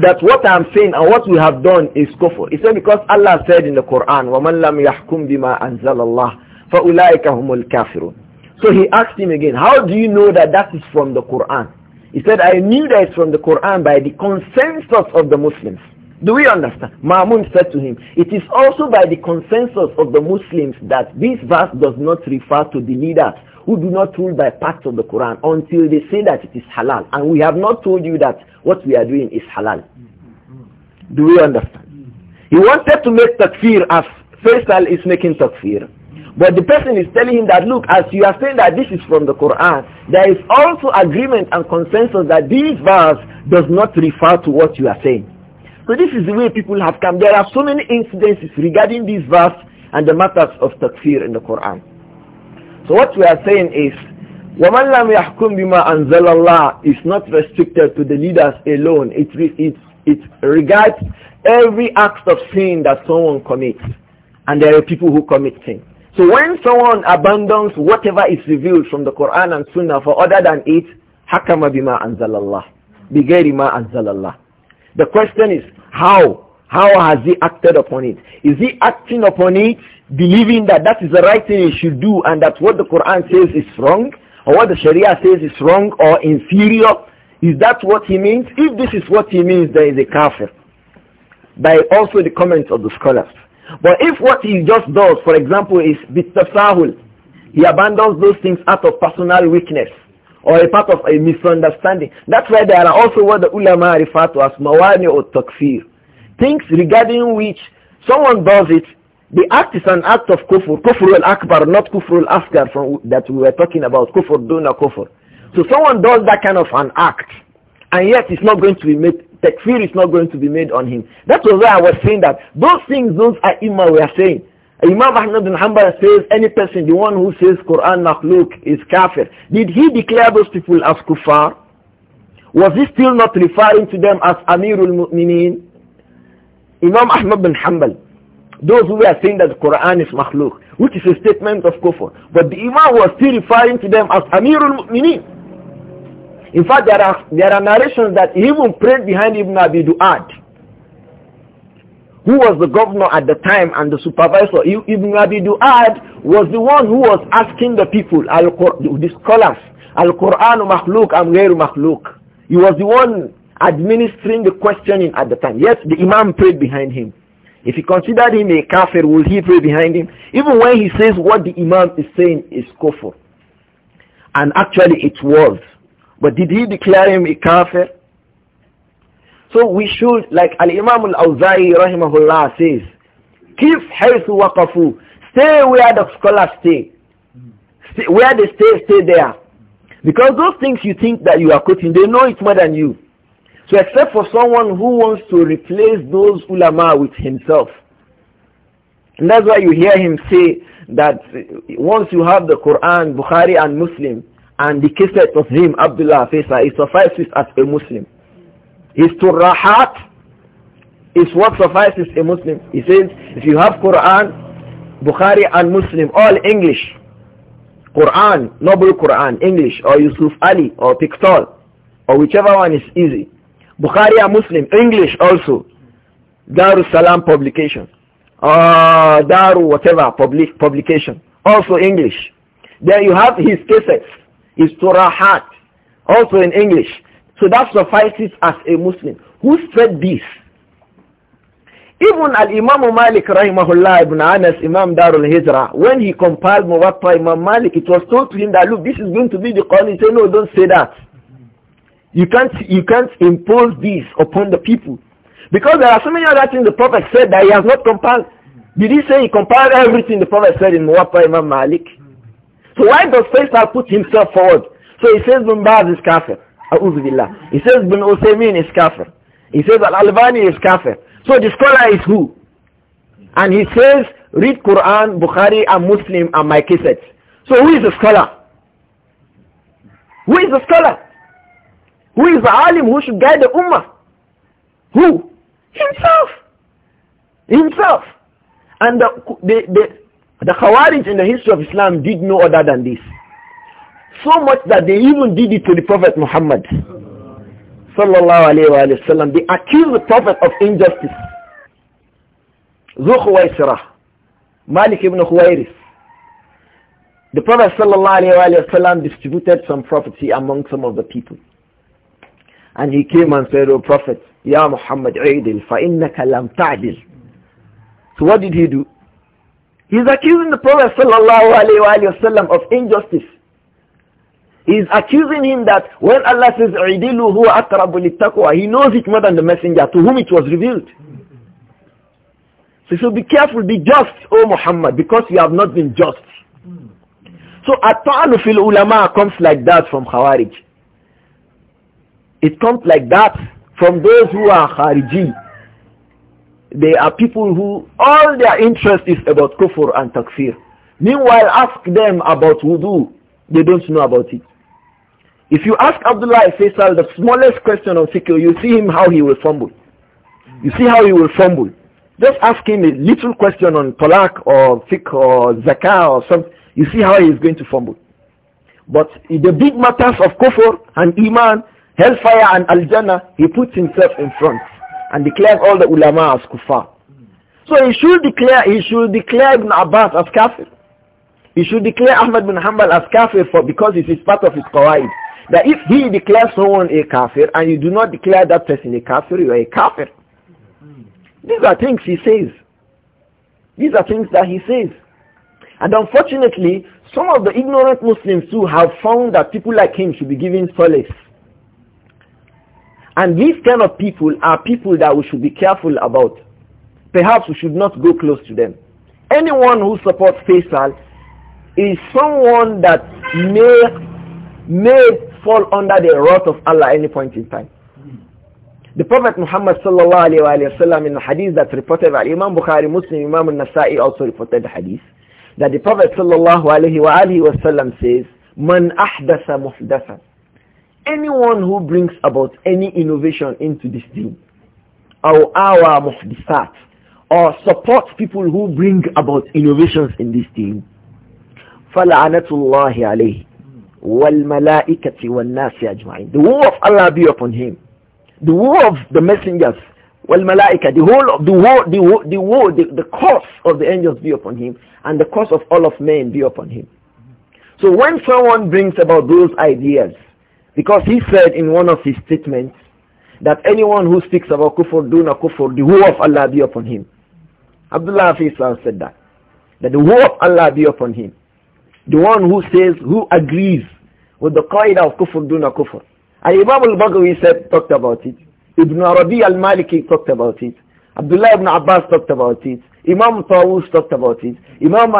that what I'm saying and what we have done is kufr. He said because Allah said in the Quran, وَمَنْ لَمْ يَحْكُمْ بِمَا أَنزَلَ اللَّهِ فَأُولَٰئِكَ هُمُ الْكَافِرُونَ So he asked him again, how do you know that that is from the Quran? He said, I knew that it's from the Quran by the consensus of the Muslims. Do we understand? Ma'mun said to him, it is also by the consensus of the Muslims that this verse does not refer to the leaders who do not rule by parts of the Quran until they say that it is halal. And we have not told you that what we are doing is halal. Do we understand? He wanted to make takfir as Faisal is making takfir. But the person is telling him that, look, as you are saying that this is from the Quran, there is also agreement and consensus that this verse does not refer to what you are saying. So this is the way people have come. There are so many incidences regarding this verse and the matters of takfir in the Quran. So what we are saying is, وَمَنْ لَمْ يَحْكُمْ بِمَا أَنزَلَ اللَّهِ is not restricted to the leaders alone. It, it, it regards every act of sin that someone commits. And there are people who commit sin. So when someone abandons whatever is revealed from the Quran and Sunnah for other than it, حَكَمَ بِمَا أَنزَلَ اللَّهِ بِغَيْرِ مَا أَنزَلَ اللَّهِ The question is, how? How has he acted upon it? Is he acting upon it believing that that is the right thing you should do and that what the Quran says is wrong or what the Sharia says is wrong or inferior, is that what he means? If this is what he means, there is a kafir. By also the comments of the scholars. But if what he just does, for example, is bitafahul, he abandons those things out of personal weakness or a part of a misunderstanding. That's why there are also what the ulama refer to as mawani or takfir. Things regarding which someone does it the act is an act of kufr, kufr al-akbar, not kufr al-asgar from that we were talking about, kufr duna kufr. So someone does that kind of an act, and yet it's not going to be made, takfir is not going to be made on him. That was why I was saying that those things those are imam we are saying. Imam Ahmad bin Hanbal says any person, the one who says Quran makhluk is kafir. Did he declare those people as kuffar? Was he still not referring to them as Amirul Mu'mineen? Imam Ahmad bin Hanbal those who were saying that the Quran is makhluk, which is a statement of kufr. But the Imam was still referring to them as Amirul Mu'mineen. In fact, there are, there are narrations that he even prayed behind Ibn Abi Du'ad, who was the governor at the time and the supervisor. Ibn Abi Du'ad was the one who was asking the people, the scholars, Al-Qur'an makhluk am makhluk. He was the one administering the questioning at the time. Yes, the imam prayed behind him. If he considered him a kafir, will he pray behind him? Even when he says what the imam is saying is kufr. And actually it was. But did he declare him a kafir? So we should, like Al-Imam Al-Awza'i rahimahullah says, healthy haythu waqafu. Stay where the scholars stay. stay. Where they stay, stay there. Because those things you think that you are quoting, they know it more than you. So except for someone who wants to replace those ulama with himself. And that's why you hear him say that once you have the Quran, Bukhari and Muslim, and the cassette of him, Abdullah Faisal, uh, it suffices as a Muslim. His turrahat is what suffices a Muslim. He says, if you have Quran, Bukhari and Muslim, all English, Quran, Noble Quran, English, or Yusuf Ali, or Pictol, or whichever one is easy. Bukhari and Muslim, English also. Daru Salam publication. Uh, Daru whatever public, publication. Also English. Then you have his cases, his Torahat, also in English. So that suffices as a Muslim. Who said this? Even Al-Imam Malik rahimahullah ibn Anas, Imam Darul Hijra, when he compiled Muwatta Imam Malik, it was told to him that, look, this is going to be the Quran. He said, no, don't say that. You can't, you can't impose this upon the people. Because there are so many other things the Prophet said that he has not compiled. Did he say he compiled everything the Prophet said in Muwatta Imam Malik? So why does Faisal put himself forward? So he says Bin Baz is kafir. He says Bin Usaymin is kafir. He says Al-Albani is kafir. So the scholar is who? And he says read Quran, Bukhari and Muslim and my cassettes. So who is the scholar? Who is the scholar? Who is the alim who should guide the ummah? Who? Himself. Himself. And the, the, the, the Khawarij in the history of Islam did no other than this. So much that they even did it to the Prophet Muhammad. Sallallahu alayhi wa, alayhi wa sallam. They accused the Prophet of injustice. Zuhwaisirah. Malik ibn Khuwairis. The Prophet sallallahu alayhi wa, alayhi wa sallam distributed some property among some of the people. And he came and said, O oh, Prophet, Ya Muhammad, عِيدِلْ فَإِنَّكَ لَمْ تَعْدِلْ So what did he do? He's accusing the Prophet sallallahu alayhi wasallam of injustice. He's accusing him that when Allah says, عِيدِلُ هُوَ أَقْرَبُ لِلتَّقْوَى He knows it more than the messenger to whom it was revealed. So, so be careful, be just, O Muhammad, because you have not been just. So at fil ulama comes like that from Khawarij. It comes like that from those who are Khariji. They are people who all their interest is about kufr and takfir. Meanwhile, ask them about wudu. They don't know about it. If you ask Abdullah Faisal the smallest question on fiqh, you see him how he will fumble. You see how he will fumble. Just ask him a little question on talak or fiqh or zakah or something. You see how he is going to fumble. But the big matters of kufr and iman, Hellfire and Al-Jannah, he puts himself in front and declares all the ulama as kuffar. So he should declare, he should declare Ibn Abbas as kafir. He should declare Ahmad bin Hanbal as kafir for, because it is part of his qawaid. That if he declares someone a kafir and you do not declare that person a kafir, you are a kafir. These are things he says. These are things that he says. And unfortunately, some of the ignorant Muslims too have found that people like him should be given solace. And these kind of people are people that we should be careful about. Perhaps we should not go close to them. Anyone who supports Faisal is someone that may, may fall under the wrath of Allah any point in time. The Prophet Muhammad sallallahu alayhi wa sallam in the hadith that reported by Imam Bukhari, Muslim, Imam al-Nasai also reported the hadith that the Prophet sallallahu alayhi wa wa sallam says, Man ahdasa muhdathan anyone who brings about any innovation into this deen, or our muhdisat, or support people who bring about innovations in this deen, فَلَعَنَةُ اللَّهِ عَلَيْهِ وَالْمَلَائِكَةِ وَالنَّاسِ أَجْمَعِينَ The war of Allah be upon him. The war of the messengers, وَالْمَلَائِكَةِ The whole of the war, the war, the, war, the, the curse of the angels be upon him, and the curse of all of men be upon him. So when someone brings about those ideas, because he said in one of his statements that anyone who speaks about kufr, duna kufr, the who of Allah be upon him. Abdullah Hafiz said that. That the who of Allah be upon him. The one who says, who agrees with the qaida of kufr, duna kufr. And Imam al-Baghawi said, talked about it. Ibn Arabi al-Maliki talked about it. Abdullah ibn Abbas talked about it. Imam Tawus talked about it. Imam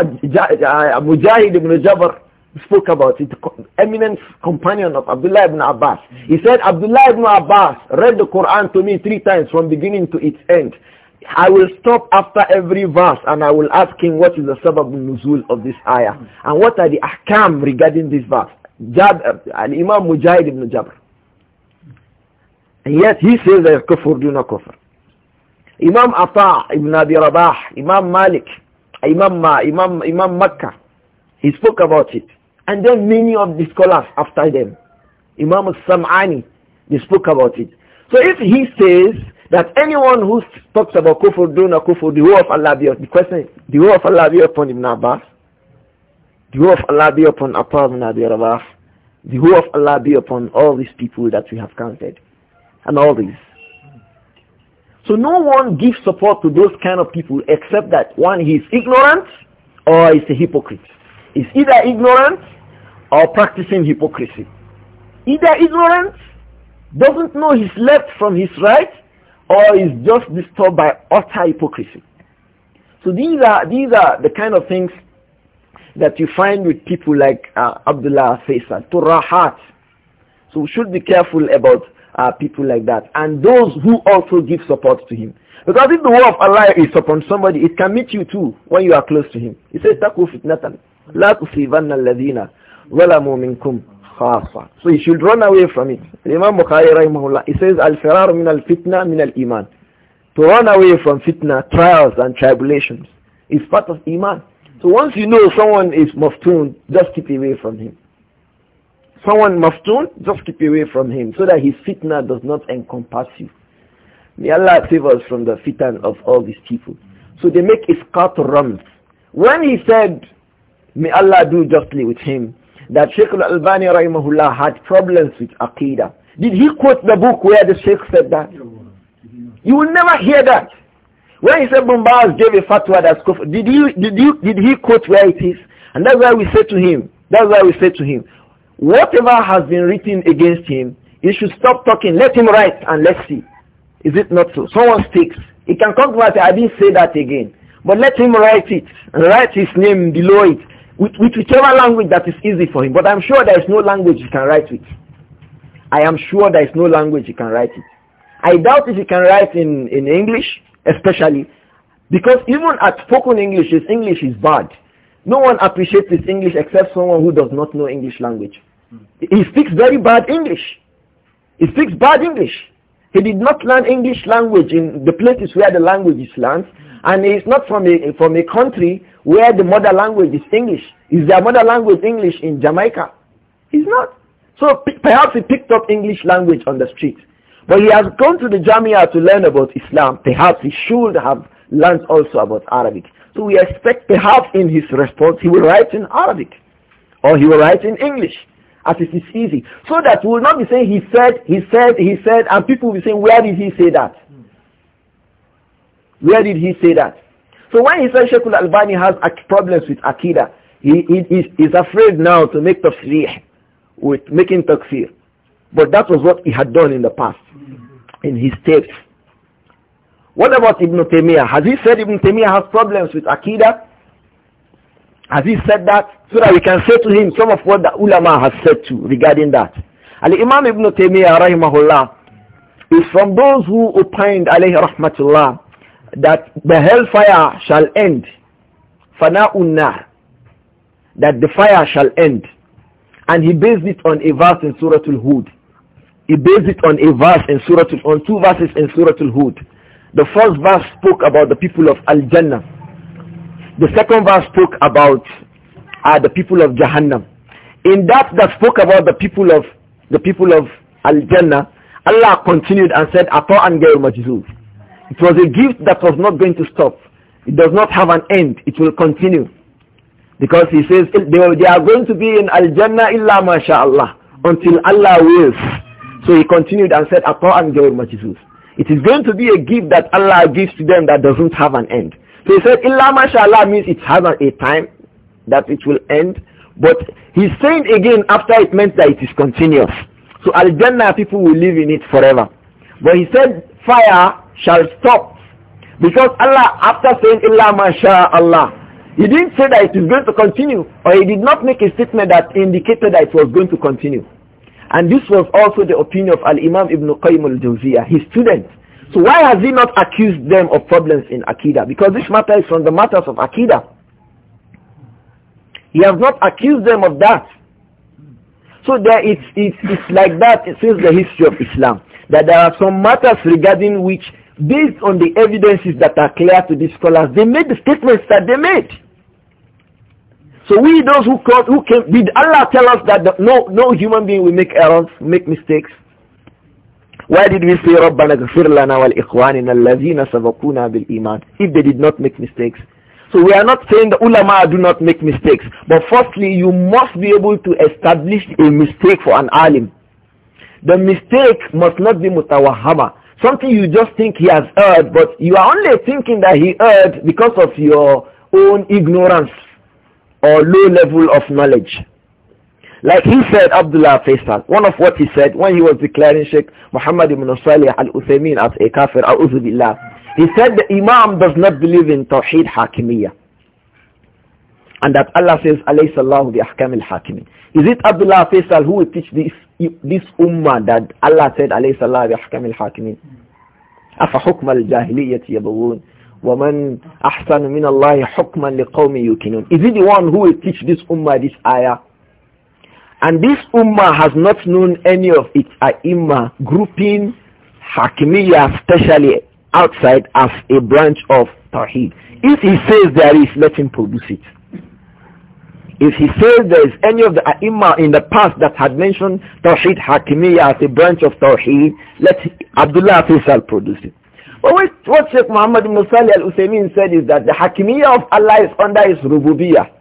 Mujahid ibn Jabr spoke about it, eminent companion of Abdullah ibn Abbas. He said, Abdullah ibn Abbas read the Quran to me three times from beginning to its end. I will stop after every verse and I will ask him what is the sabab nuzul of this ayah and what are the ahkam regarding this verse. Jab, uh, Imam Mujahid ibn Jabr. And yet he says that kufr do not kufr. Imam Atta ibn Abi Rabah, Imam Malik, Imam, Ma, Imam, Imam Makkah, he spoke about it. And then many of the scholars after them. Imam al-Sam'ani, they spoke about it. So if he says that anyone who talks about kufr, duna kufr, the whole of Allah be upon, the question the whole of Allah be upon Ibn Abbas, the whole of Allah be upon Abbas ibn Abi Rabah, the whole of Allah be upon all these people that we have counted, and all these. So no one gives support to those kind of people except that one, he is ignorant or is a hypocrite. He's either ignorant or practicing hypocrisy. Either ignorant, doesn't know his left from his right, or is just disturbed by utter hypocrisy. So these are, these are the kind of things that you find with people like uh, Abdullah Faisal, Turahat. So we should be careful about uh, people like that and those who also give support to him. Because if the word of Allah is upon somebody, it can meet you too when you are close to him. He says, تَقُوا فِتْنَةً لَا تُصِيبَنَّ الَّذِينَ ظلموا منكم خاصة so you should run away from it the he says al من min من fitna min al-iman to run away from fitna trials and tribulations is part of iman so once you know someone is maftoon just keep away from him someone maftoon just keep away from him so that his fitna does not encompass you may Allah save us from the fitan of all these people so they make isqat rams when he said may Allah do justly with him that Sheikh al-Albani rahimahullah had problems with Aqidah. Did he quote the book where the Sheikh said that? You will never hear that. When he said Bumbaz gave a fatwa that's kufr, did you did you did he quote where it is? And that's why we said to him, that's why we said to him, whatever has been written against him, you should stop talking. Let him write and let's see. Is it not so? Someone speaks. He can come back. I didn't say that again. But let him write it and write his name below it with, with whichever language that is easy for him. But I'm sure there is no language he can write with. I am sure there is no language he can write it. I doubt if he can write in, in English, especially, because even at spoken English, his English is bad. No one appreciates his English except someone who does not know English language. He speaks very bad English. He speaks bad English. He did not learn English language in the places where the language is learned. And it's not from a, from a country where the mother language is English. Is their mother language English in Jamaica? It's not. So perhaps he picked up English language on the street. But he has gone to the Jamia to learn about Islam. Perhaps he should have learned also about Arabic. So we expect perhaps in his response he will write in Arabic or he will write in English as it is easy. So that we will not be saying he said, he said, he said, and people will be saying, where did he say that? Where did he say that? So when he says Sheikh al-Albani has problems with Akida, he, he, is afraid now to make tafsir with making takfir. But that was what he had done in the past, in his tapes. What about Ibn Taymiyyah? Has he said Ibn Taymiyyah has problems with Akida? Has he said that? So that we can say to him some of what the ulama has said to regarding that. Al-Imam Ibn Taymiyyah rahimahullah is from those who opined alayhi rahmatullah that the hellfire shall end. Fana'unna. That the fire shall end. And he based it on a verse in Surah Al-Hud. He based it on a verse in Surah on two verses in Surah Al-Hud. The first verse spoke about the people of Al-Jannah. The second verse spoke about uh, the people of Jahannam. In that that spoke about the people of the people of Al-Jannah, Allah continued and said, Ata an gayr it was a gift that was not going to stop. It does not have an end. It will continue. Because he says they are going to be in Al-Jannah illa masha'Allah until Allah wills. So he continued and said, Ata'an Gawir It is going to be a gift that Allah gives to them that doesn't have an end. So he said, Illa masha'Allah means it has a time that it will end. But he's saying again after it meant that it is continuous. So Al-Jannah people will live in it forever. But he said fire shall stop. Because Allah, after saying, Illa Masha Allah, he didn't say that it is going to continue, or he did not make a statement that indicated that it was going to continue. And this was also the opinion of Al-Imam Ibn Qayyim al-Jawziyah, his student. So why has he not accused them of problems in Akida? Because this matter is from the matters of Akida. He has not accused them of that. So there it's, it's, it's like that since the history of Islam, that there are some matters regarding which based on the evidences that are clear to these scholars, they made the statements that they made. So we, those who caught, who came, did Allah tell us that the, no, no human being will make errors, make mistakes? Why did we say, رَبَّنَا اغْفِرْ لَنَا وَالْإِخْوَانِنَا الَّذِينَ سَبَقُونَا بِالْإِيمَانِ If they did not make mistakes. So we are not saying the ulama do not make mistakes. But firstly, you must be able to establish a mistake for an alim. The mistake must not be mutawahama. Something you just think he has heard, but you are only thinking that he heard because of your own ignorance or low level of knowledge. Like he said, Abdullah Faisal, one of what he said when he was declaring Sheikh Muhammad ibn Salih al-Uthaymeen as a kafir, al He said the Imam does not believe in Tawheed Hakimiyya. And that Allah says, alayhi sallahu bi ahkam al-hakimin. Is it Abdullah Faisal who will teach this, this ummah that Allah said, alayhi sallahu bi ahkam al-hakimin? أفحكم الجاهلية يبغون ومن أحسن من الله حكما لقوم يوقنون Is it the one who will teach this ummah this ayah? And this ummah has not known any of its aima grouping Hakimiyya especially outside as a branch of Tawheed. If he says there is, let him produce it. If he says there is any of the ai am going in the past that had mentioned Tawheed Hakimiyya as a branch of Tawheed, let Abdullah Faisal produce it. But what, what Sheikh Muhammad Musali al-Uthaymeen said is that the Hakimiyya of Allah is under his Rububiyyah.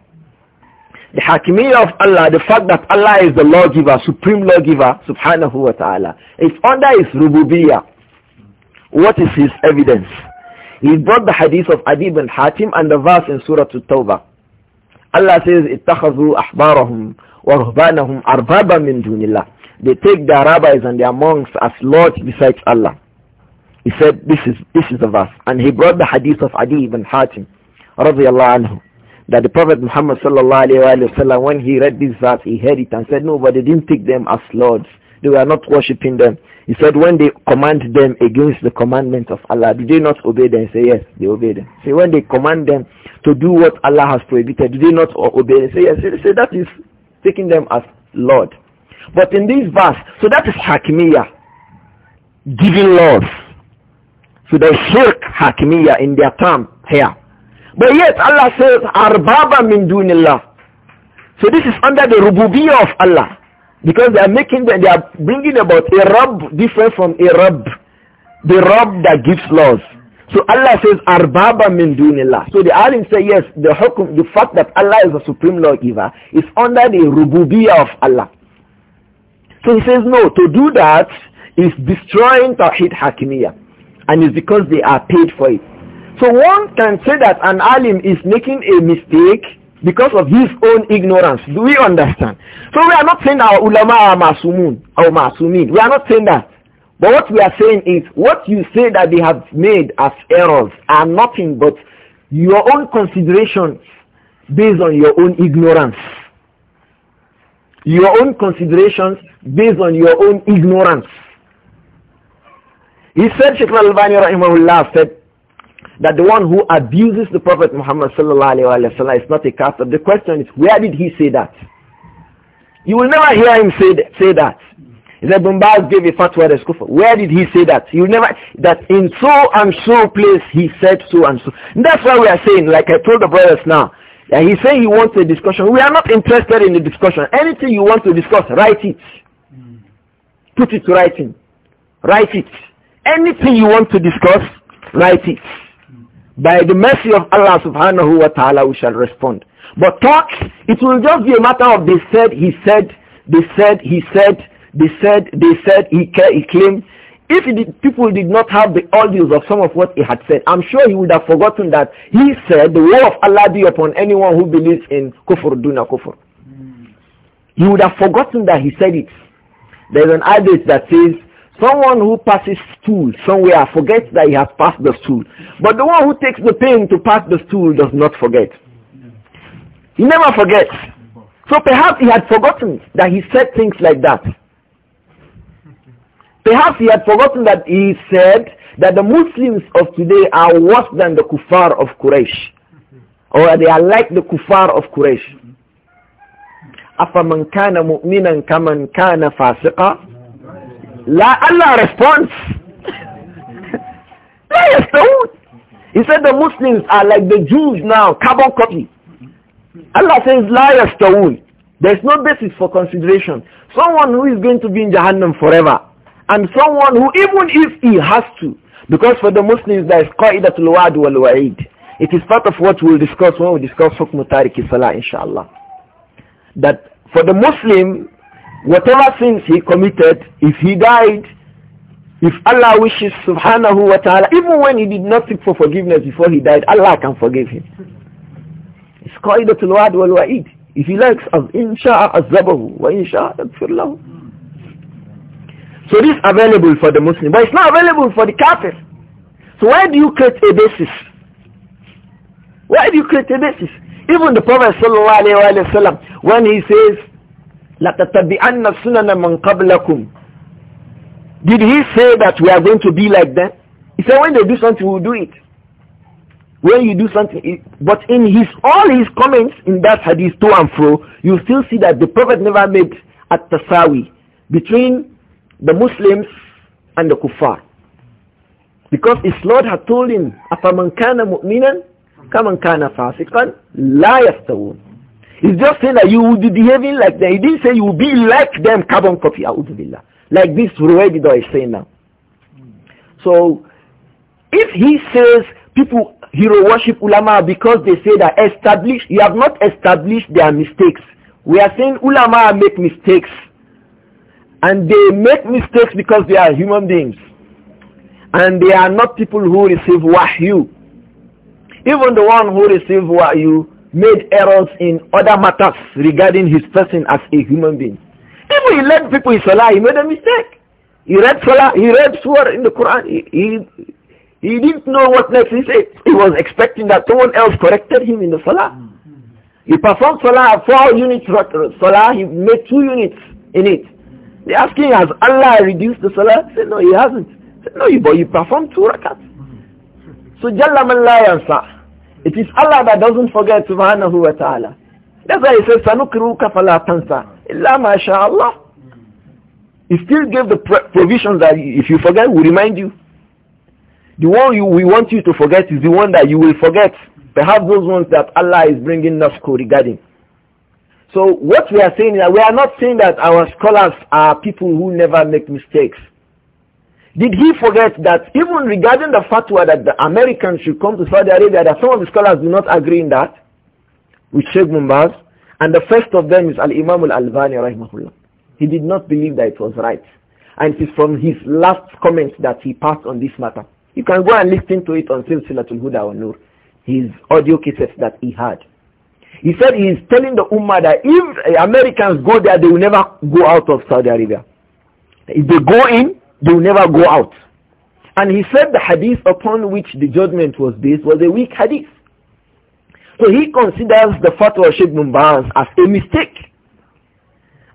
The Hakimiyya of Allah, the fact that Allah is the lawgiver, supreme lawgiver, subhanahu wa ta'ala, is under his Rububiyyah. What is his evidence? He brought the hadith of Adib bin Hatim and the verse in Surah At-Tawbah. Allah says, اتخذوا أحبارهم ورهبانهم أربابا من min الله. They take their rabbis and their monks as lords besides Allah. He said, this is, this is the verse. And he brought the hadith of Adi ibn Hatim, radiallahu anhu, that the Prophet Muhammad sallallahu alayhi wa sallam, when he read this verse, he heard it and said, no, but they didn't take them as lords. They were not worshipping them. He said, when they command them against the commandments of Allah, do they not obey them? Say, yes, they obey them. Say, when they command them to do what Allah has prohibited, do they not obey them? Say, yes. Say, that is taking them as Lord. But in this verse, so that is Hakimiyah, giving laws. So they shirk Hakimiyah in their term here. But yet Allah says, Arbaba min dunillah. So this is under the rububiyah of Allah. Because they are making them, they are bringing about a rub different from a rub. The rub that gives laws. So Allah says, Arbaba min dunillah. So the alim say, yes, the hukum, the fact that Allah is the supreme lawgiver is under the rububiyah of Allah. So he says, no, to do that is destroying Tawheed Hakimiyah. And it's because they are paid for it. So one can say that an alim is making a mistake because of his own ignorance. Do we understand? So we are not saying our ulama are masumun or masumin. We are not saying that. But what we are saying is what you say that they have made as errors are nothing but your own considerations based on your own ignorance. Your own considerations based on your own ignorance. He said, Sheikh Al-Albani rahimahullah said, that the one who abuses the Prophet Muhammad sallallahu alaihi wasallam is not a kafir. The question is, where did he say that? You will never hear him say, that, say that. He said, Bumbaz gave a fatwa that's kufr. Where did he say that? You never, that in so and so place he said so and so. And that's why we are saying, like I told the brothers now, that he saying he wants a discussion. We are not interested in the discussion. Anything you want to discuss, write it. Put it to writing. Write it. Anything you want to discuss, write it. By the mercy of Allah subhanahu wa ta'ala we shall respond. But talks, it will just be a matter of they said, he said, they said, he said, they said, they said, he, he claimed. If did, people did not have the audios of some of what he had said, I'm sure he would have forgotten that he said, the word of Allah be upon anyone who believes in kufr duna kufr. Mm. He would have forgotten that he said it. There's an adage that says, Someone who passes stool somewhere forgets that he has passed the stool. But the one who takes the pain to pass the stool does not forget. He never forgets. So perhaps he had forgotten that he said things like that. Perhaps he had forgotten that he said that the Muslims of today are worse than the kuffar of Quraysh. Or they are like the kuffar of Quraysh. أَفَمَنْ كَانَ مُؤْمِنًا كَمَنْ كَانَ فَاسِقًا La Allah responds. La yastahoon. He said the Muslims are like the Jews now, carbon copy. Allah says, to yastahoon. There's no basis for consideration. Someone who is going to be in Jahannam forever, and someone who, even if he has to, because for the Muslims there is qa'idatul wa wal wa'id. It is part of what we'll discuss when we discuss hukm tariki salah inshallah. That for the Muslim, whatever sins he committed, if he died, if Allah wishes subhanahu wa ta'ala, even when he did not seek for forgiveness before he died, Allah can forgive him. It's the wad wal wa'id. If he likes, insha'a azabahu wa insha'a lahu. So this is available for the Muslim, but it's not available for the kafir. So why do you create a basis? Why do you create a basis? Even the Prophet sallallahu alayhi wa sallam, when he says, did he say that we are going to be like them? He said when they do something, we'll do it. When you do something, but in his all his comments in that hadith to and fro, you still see that the Prophet never made at tasawi between the Muslims and the kuffar. Because his Lord had told him, أَفَمَنْ kana mu'minan كَمَنْ kana فَاسِقًا لَا يَسْتَوُونَ He's just saying that you will be behaving like them. He didn't say you will be like them, carbon copy, Audubillah. Like this Ruwaidido is saying now. So, if he says people hero worship ulama because they say that establish, you have not established their mistakes. We are saying ulama make mistakes. And they make mistakes because they are human beings. And they are not people who receive wahyu. Even the one who receives wahyu, made errors in other matters regarding his person as a human being. Even he led people in Salah, he made a mistake. He read Salah, he read Surah in the Quran. He, he, he, didn't know what next he said. He was expecting that someone else corrected him in the Salah. He performed Salah, four units Salah, he made two units in it. They asked him, has Allah reduced the Salah? He said, no, he hasn't. He said, no, but you performed two rakats. So Jalla man la yansa. It is Allah that doesn't forget subhanahu wa ta'ala. That's why he says, Sanukruka fala tansa. Illa He still gave the provisions that if you forget, we remind you. The one you, we want you to forget is the one that you will forget. Perhaps those ones that Allah is bringing Nafko regarding. So what we are saying is that we are not saying that our scholars are people who never make mistakes. Did he forget that even regarding the fatwa that the Americans should come to Saudi Arabia, that some of the scholars do not agree in that with Sheikh Mumbaz, and the first of them is Al-Imam Al-Albani rahimahullah. He did not believe that it was right. And it is from his last comments that he passed on this matter. You can go and listen to it on Silsilatul Huda wa Nur, his audio cassettes that he had. He said he is telling the Ummah that if Americans go there, they will never go out of Saudi Arabia. If they go in, they will never go out. And he said the hadith upon which the judgment was based was a weak hadith. So he considers the fatwa of Sheikh Mumbaz as a mistake.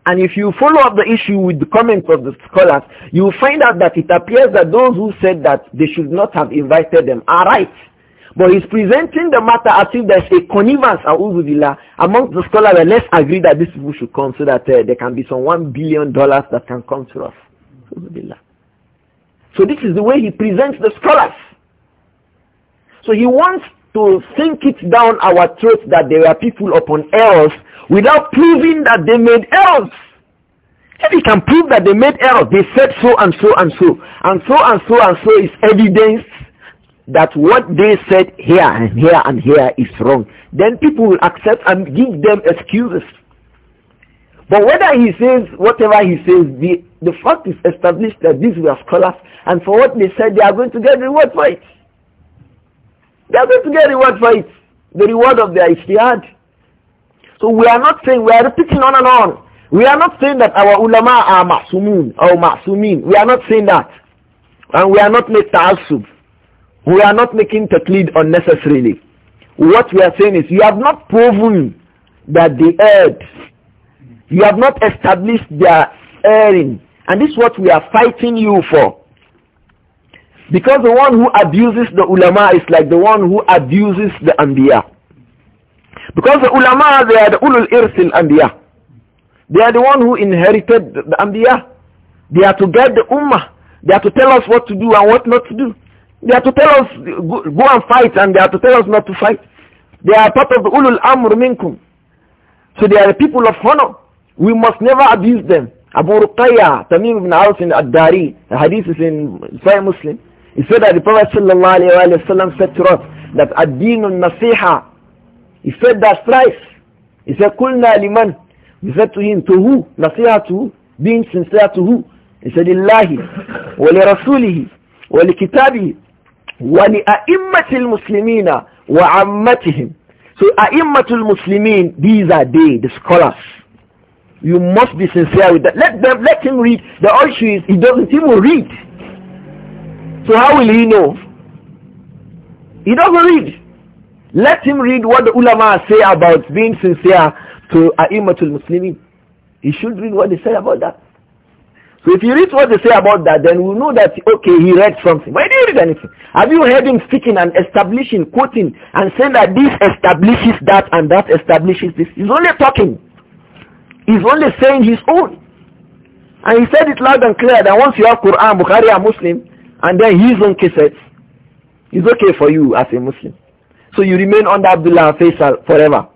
And if you follow up the issue with the comments of the scholars, you will find out that it appears that those who said that they should not have invited them are right. But he's presenting the matter as if there's a connivance amongst the scholars and let's agree that these people should come so that uh, there can be some one billion dollars that can come to us. So this is the way he presents the scholars. So he wants to sink it down our throats that there are people upon errors without proving that they made errors. If he can prove that they made errors, they said so and so and so, and so and so and so is evidence that what they said here and here and here is wrong, then people will accept and give them excuses. But whether he says whatever he says, the, the fact is established that these were scholars, and for what they said, they are going to get reward for it. They are going to get reward for it. The reward of their ijtihad. So we are not saying, we are repeating on and on. We are not saying that our ulama are ma'sumun or ma'sumin. We are not saying that. And we are not making ta'asub. We are not making taqlid unnecessarily. What we are saying is, you have not proven that the earth you have not established their erring. And this is what we are fighting you for. Because the one who abuses the ulama is like the one who abuses the anbiya. Because the ulama, they are the ulul irsil anbiya. They are the one who inherited the anbiya. They are to guide the ummah. They are to tell us what to do and what not to do. They are to tell us, go, and fight, and they are to tell us not to fight. They are part of the ulul amr minkum. So they are the people of honor. We must never abuse them. Abu Ruqayya, Tamim ibn Aus in Ad-Dari, the hadith is in Sahih Muslim. He said that the Prophet sallallahu alayhi said to us that ad-deenun nasiha. He said that thrice. He said, kulna liman. He said to him, to who? Nasiha to who? Being sincere to who? He said, illahi wa li rasulihi wa li kitabihi wa li a'immatil muslimina wa ammatihim. So a'immatul muslimin, these are they, the scholars. You must be sincere with that. Let them let him read. The issue is he doesn't even read. So how will he know? He doesn't read. Let him read what the ulama say about being sincere to A'imatul Muslimin. He should read what they say about that. So if you read what they say about that, then we know that, okay, he read something. Why did he read anything? Have you heard him speaking and establishing, quoting, and saying that this establishes that and that establishes this? He's only talking. He's only saying his own. And he said it loud and clear that once you have Quran, Bukhari are Muslim, and then his own cassettes, it's okay for you as a Muslim. So you remain under Abdullah Faisal forever.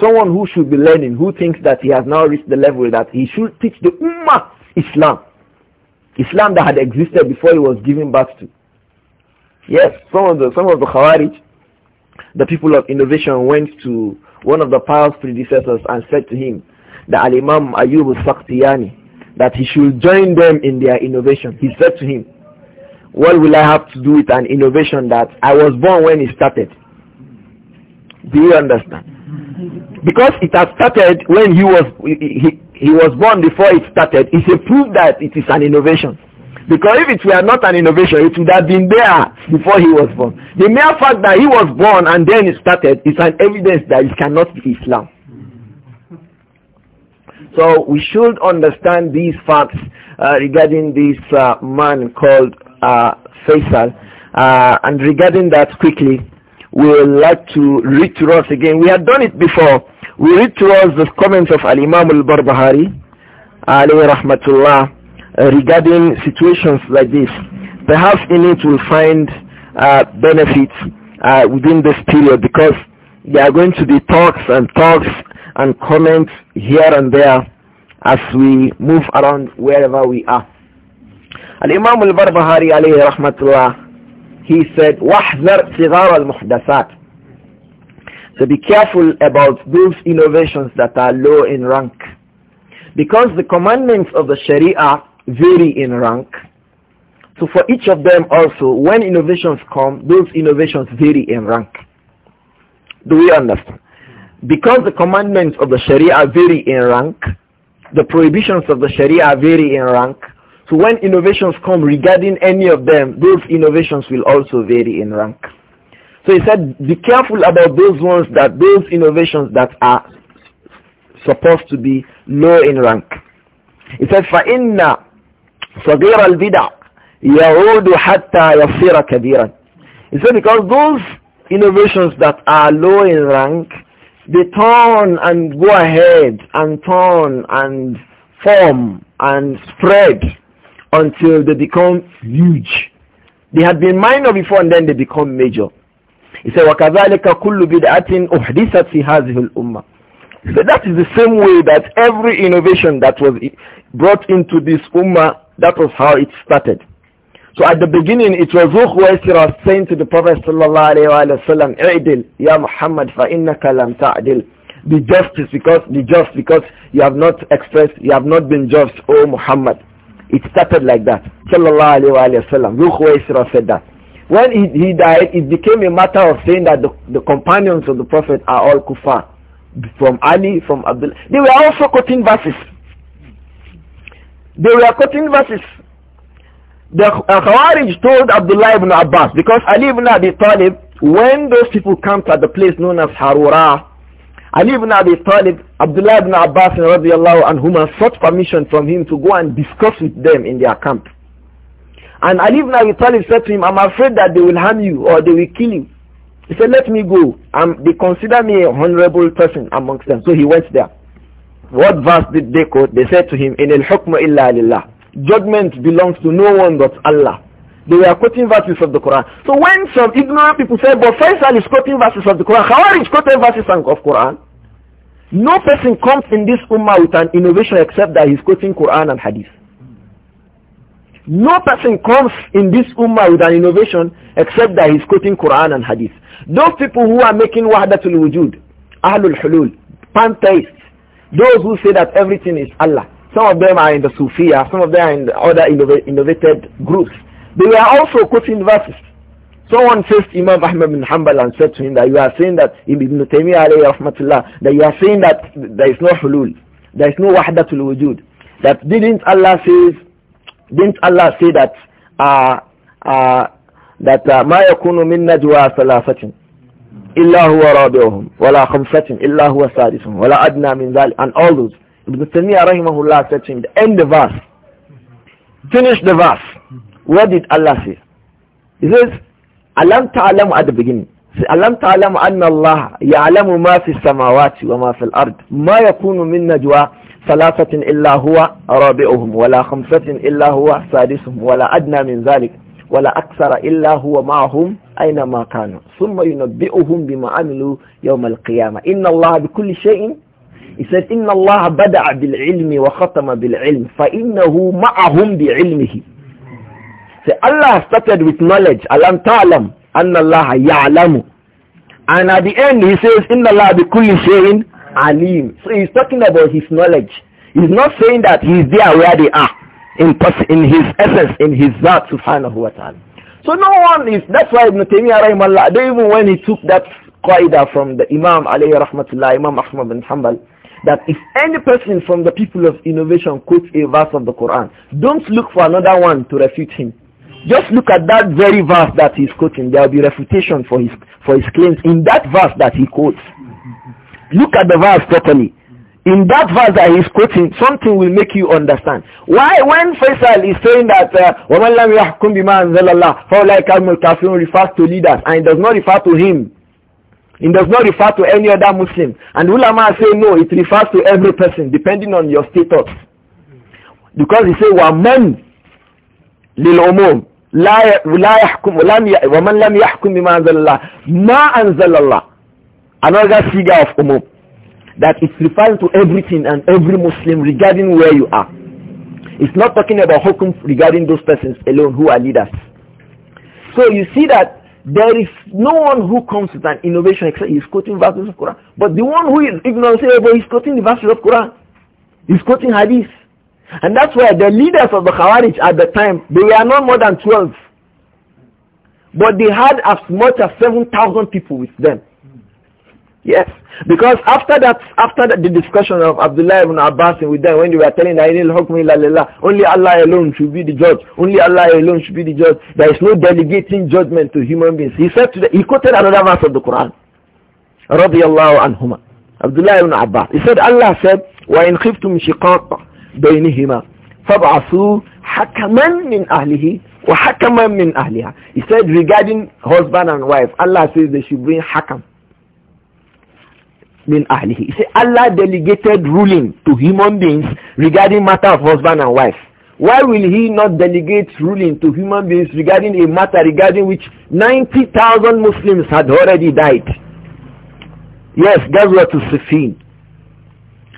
Someone who should be learning, who thinks that he has now reached the level that he should teach the Ummah Islam. Islam that had existed before he was given birth to. Yes, some of the, some of the Khawarij, the people of innovation went to one of the pious predecessors and said to him, the Al-Imam Ayub al-Saqtiyani, that he should join them in their innovation. He said to him, what will I have to do with an innovation that I was born when it started? Do you understand? Because it has started when he was, he, he was born before it started, it's a proof that it is an innovation. Because if it were not an innovation, it would have been there before he was born. The mere fact that he was born and then it started is an evidence that it cannot be Islam. So we should understand these facts uh, regarding this uh, man called uh, Faisal. Uh, and regarding that quickly, we would like to read to us again. We had done it before. We read to us the comments of Al-Imam al-Barbahari, alayhi rahmatullah, uh, regarding situations like this. Perhaps in it we'll find uh, benefits uh, within this period because there are going to be talks and talks and comment here and there as we move around wherever we are. Al-Imam al-Barbahari alayhi rahmatullah, he said, وَحْذَرْ صِغَارَ الْمُحْدَثَاتِ So be careful about those innovations that are low in rank. Because the commandments of the Sharia vary in rank. So for each of them also, when innovations come, those innovations vary in rank. Do we understand? Because the commandments of the Sharia vary in rank, the prohibitions of the Sharia vary in rank, so when innovations come regarding any of them, those innovations will also vary in rank. So he said, be careful about those ones that those innovations that are supposed to be low in rank. He said, فَإِنَّ صَغِيرَ الْبِدَعِ يَعُودُ حَتَّى يَصِيرَ كَبِيرًا He said, because those innovations that are low in rank, they turn and go ahead and turn and form and spread until they become huge. They had been minor before and then they become major. He said, وَكَذَلِكَ كُلُّ بِدْعَةٍ أُحْدِثَتْ فِي هَذِهِ الْأُمَّةِ so that is the same way that every innovation that was brought into this ummah, that was how it started. So at the beginning, it was Ruh Waisira saying to the Prophet sallallahu alayhi wasallam, I'dil, Ya Muhammad, فَإِنَّكَ لَمْ تَعْدِلْ Be justice because, be just because you have not expressed, you have not been just, O Muhammad. It started like that. Sallallahu alayhi wasallam. Ruh Waisira said that. When he, he, died, it became a matter of saying that the, the companions of the Prophet are all kuffar. From Ali, from Abdullah. They were also quoting verses. They were quoting verses. The uh, Khawarij told Abdullah ibn Abbas because Ali ibn Abi Talib, when those people camped at the place known as Harura, Ali ibn Abi Talib, Abdullah ibn Abbas radiallahu anhuma sought permission from him to go and discuss with them in their camp. And Ali ibn Abi Talib said to him, I'm afraid that they will harm you or they will kill you. He said, let me go. Um, they consider me a honorable person amongst them. So he went there. What verse did they quote? They said to him, in al-hukmu illa lillah. Judgment belongs to no one but Allah. They were quoting verses of the Quran. So when some ignorant people say, but Faisal is quoting verses of the Quran, Khawarij quoting verses of Quran, no person comes in this ummah with an innovation except that he's quoting Quran and Hadith. No person comes in this ummah with an innovation except that he's quoting Quran and Hadith. Those people who are making wahdatul wujud, ahlul hulul, pantheists, those who say that everything is Allah, some of them are in the Sufia, some of them are in the other innovated groups. They were also quoting verses. Someone faced Imam Ahmad bin Hanbal and said to him that you are saying that Ibn Taymiyyah that you are saying that there is no hulul, there is no wahdatul wujud. That didn't Allah says, didn't Allah say that uh, uh, that uh, ma yakunu min najwa thalathatin illa huwa rabi'uhum wa la khamsatin illa huwa wa la adna min and all those Ibn Taymiyyah rahimahullah said to him, end the verse. Finish the verse. What did Allah say? He says, Alam ta'alamu at the beginning. ألم تعلم أن الله يعلم ما في السماوات وما في الأرض ما يكون من نجوى ثلاثة إلا هو رابعهم ولا خمسة إلا هو سادسهم ولا أدنى من ذلك ولا أكثر إلا هو معهم أينما كانوا ثم ينبئهم بما عملوا يوم القيامة إن الله بكل شيء He said, "Inna إِنَّ اللَّهَ بَدَعَ بِالْعِلْمِ وَخَتَمَ بِالْعِلْمِ فَإِنَّهُ مَعَهُمْ بِعِلْمِهِ Say, Allah started with knowledge. أَلَمْ تَعْلَمْ أَنَّ اللَّهَ ya'lamu. And at the end, he says, "Inna إِنَّ bi kulli shayin alim. So he's talking about his knowledge. He's not saying that he's there where they are in in his essence, in his zat subhanahu wa ta'ala. So no one is, that's why Ibn Taymiyyah rahimahullah, even when he took that qaida from the Imam alayhi rahmatullah, Imam Ahmad bin Hanbal, that if any person from the people of innovation quotes a verse of the Quran, don't look for another one to refute him. Just look at that very verse that he's quoting. There will be refutation for his, for his claims in that verse that he quotes. Look at the verse properly. In that verse that he's quoting, something will make you understand. Why when Faisal is saying that وَمَنْ لَمْ يَحْكُمْ بِمَا أَنزَلَ اللَّهِ فَأُولَٰئِكَ هُمُ refers to leaders and it does not refer to him it does not refer to any other Muslim. And ulama say no, it refers to every person depending on your status. Because he say وَمَنْ لِلْعُمُومِ لا لا يحكم ولم ومن لم يحكم بما أنزل الله ما أنزل الله another figure of umum that it's referring to everything and every Muslim regarding where you are it's not talking about hukum regarding those persons alone who are leaders so you see that there is no one who comes with an innovation except he's quoting verses of Quran. But the one who is ignorant say, but he's quoting the verses of Quran. He's quoting hadith. And that's why the leaders of the Khawarij at the time, they were not more than 12. But they had as much as 7,000 people with them. Yes. Because after that, after that, the discussion of Abdullah ibn Abbas with them, when they were telling that only Allah alone should be the judge, only Allah alone should be the judge, there is no delegating judgment to human beings. He said to he quoted another verse of the Quran, radiallahu anhuma, Abdullah ibn Abbas. He said, Allah said, وَإِنْ خِفْتُمْ شِقَاقَ بَيْنِهِمَا فَابْعَثُوا حَكَمًا مِنْ أَهْلِهِ وَحَكَمًا مِنْ أَهْلِهَا He said regarding husband and wife, Allah says they should bring hakam min ahlihi. He said Allah delegated ruling to human beings regarding matter of husband and wife. Why will he not delegate ruling to human beings regarding a matter regarding which 90,000 Muslims had already died? Yes, Ghazwa to Sifin.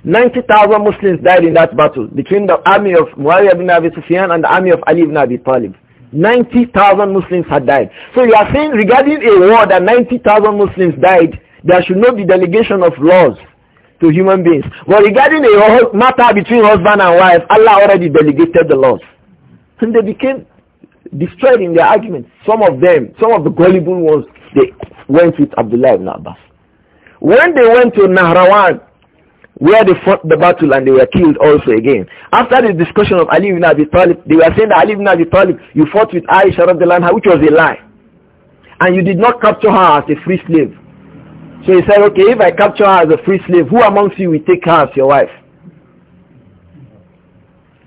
90,000 Muslims died in that battle between the army of Muawiyah ibn Abi Sufyan and the army of Ali ibn Abi Talib. 90,000 Muslims had died. So you are saying regarding a war that 90,000 Muslims died, there should not be delegation of laws to human beings. But regarding a matter between husband and wife, Allah already delegated the laws. And they became destroyed in their arguments. Some of them, some of the gullible ones, they went with Abdullah ibn Abbas. When they went to Nahrawan, where they fought the battle and they were killed also again. After the discussion of Ali ibn Abi Talib, they were saying that Ali ibn Abi Talib, you fought with Aisha radiallahu anha, which was a lie. And you did not capture her as a free slave. So he said, okay, if I capture her as a free slave, who amongst you will take her as your wife?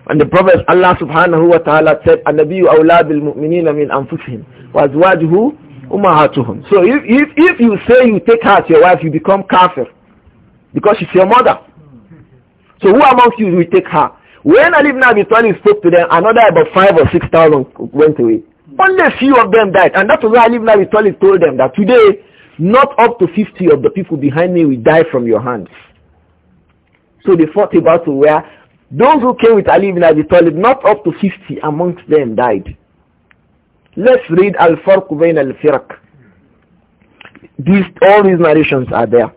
And the Prophet Allah subhanahu wa ta'ala said, النبي أولى بالمؤمنين من أنفسهم وأزواجه أمهاتهم. So if, if, if you say you take her as your wife, you become kafir. Because she's your mother. So who amongst you will take her? When Ali ibn Abi Talib spoke to them, another about five or six thousand went away. Only a few of them died. And that was why Ali ibn Abi Talib told them that today not up to 50 of the people behind me will die from your hands. So they fought a battle where those who came with Ali ibn Abi Talib, not up to 50 amongst them died. Let's read Al-Farq Bain Al-Firq. These, all these narrations are there.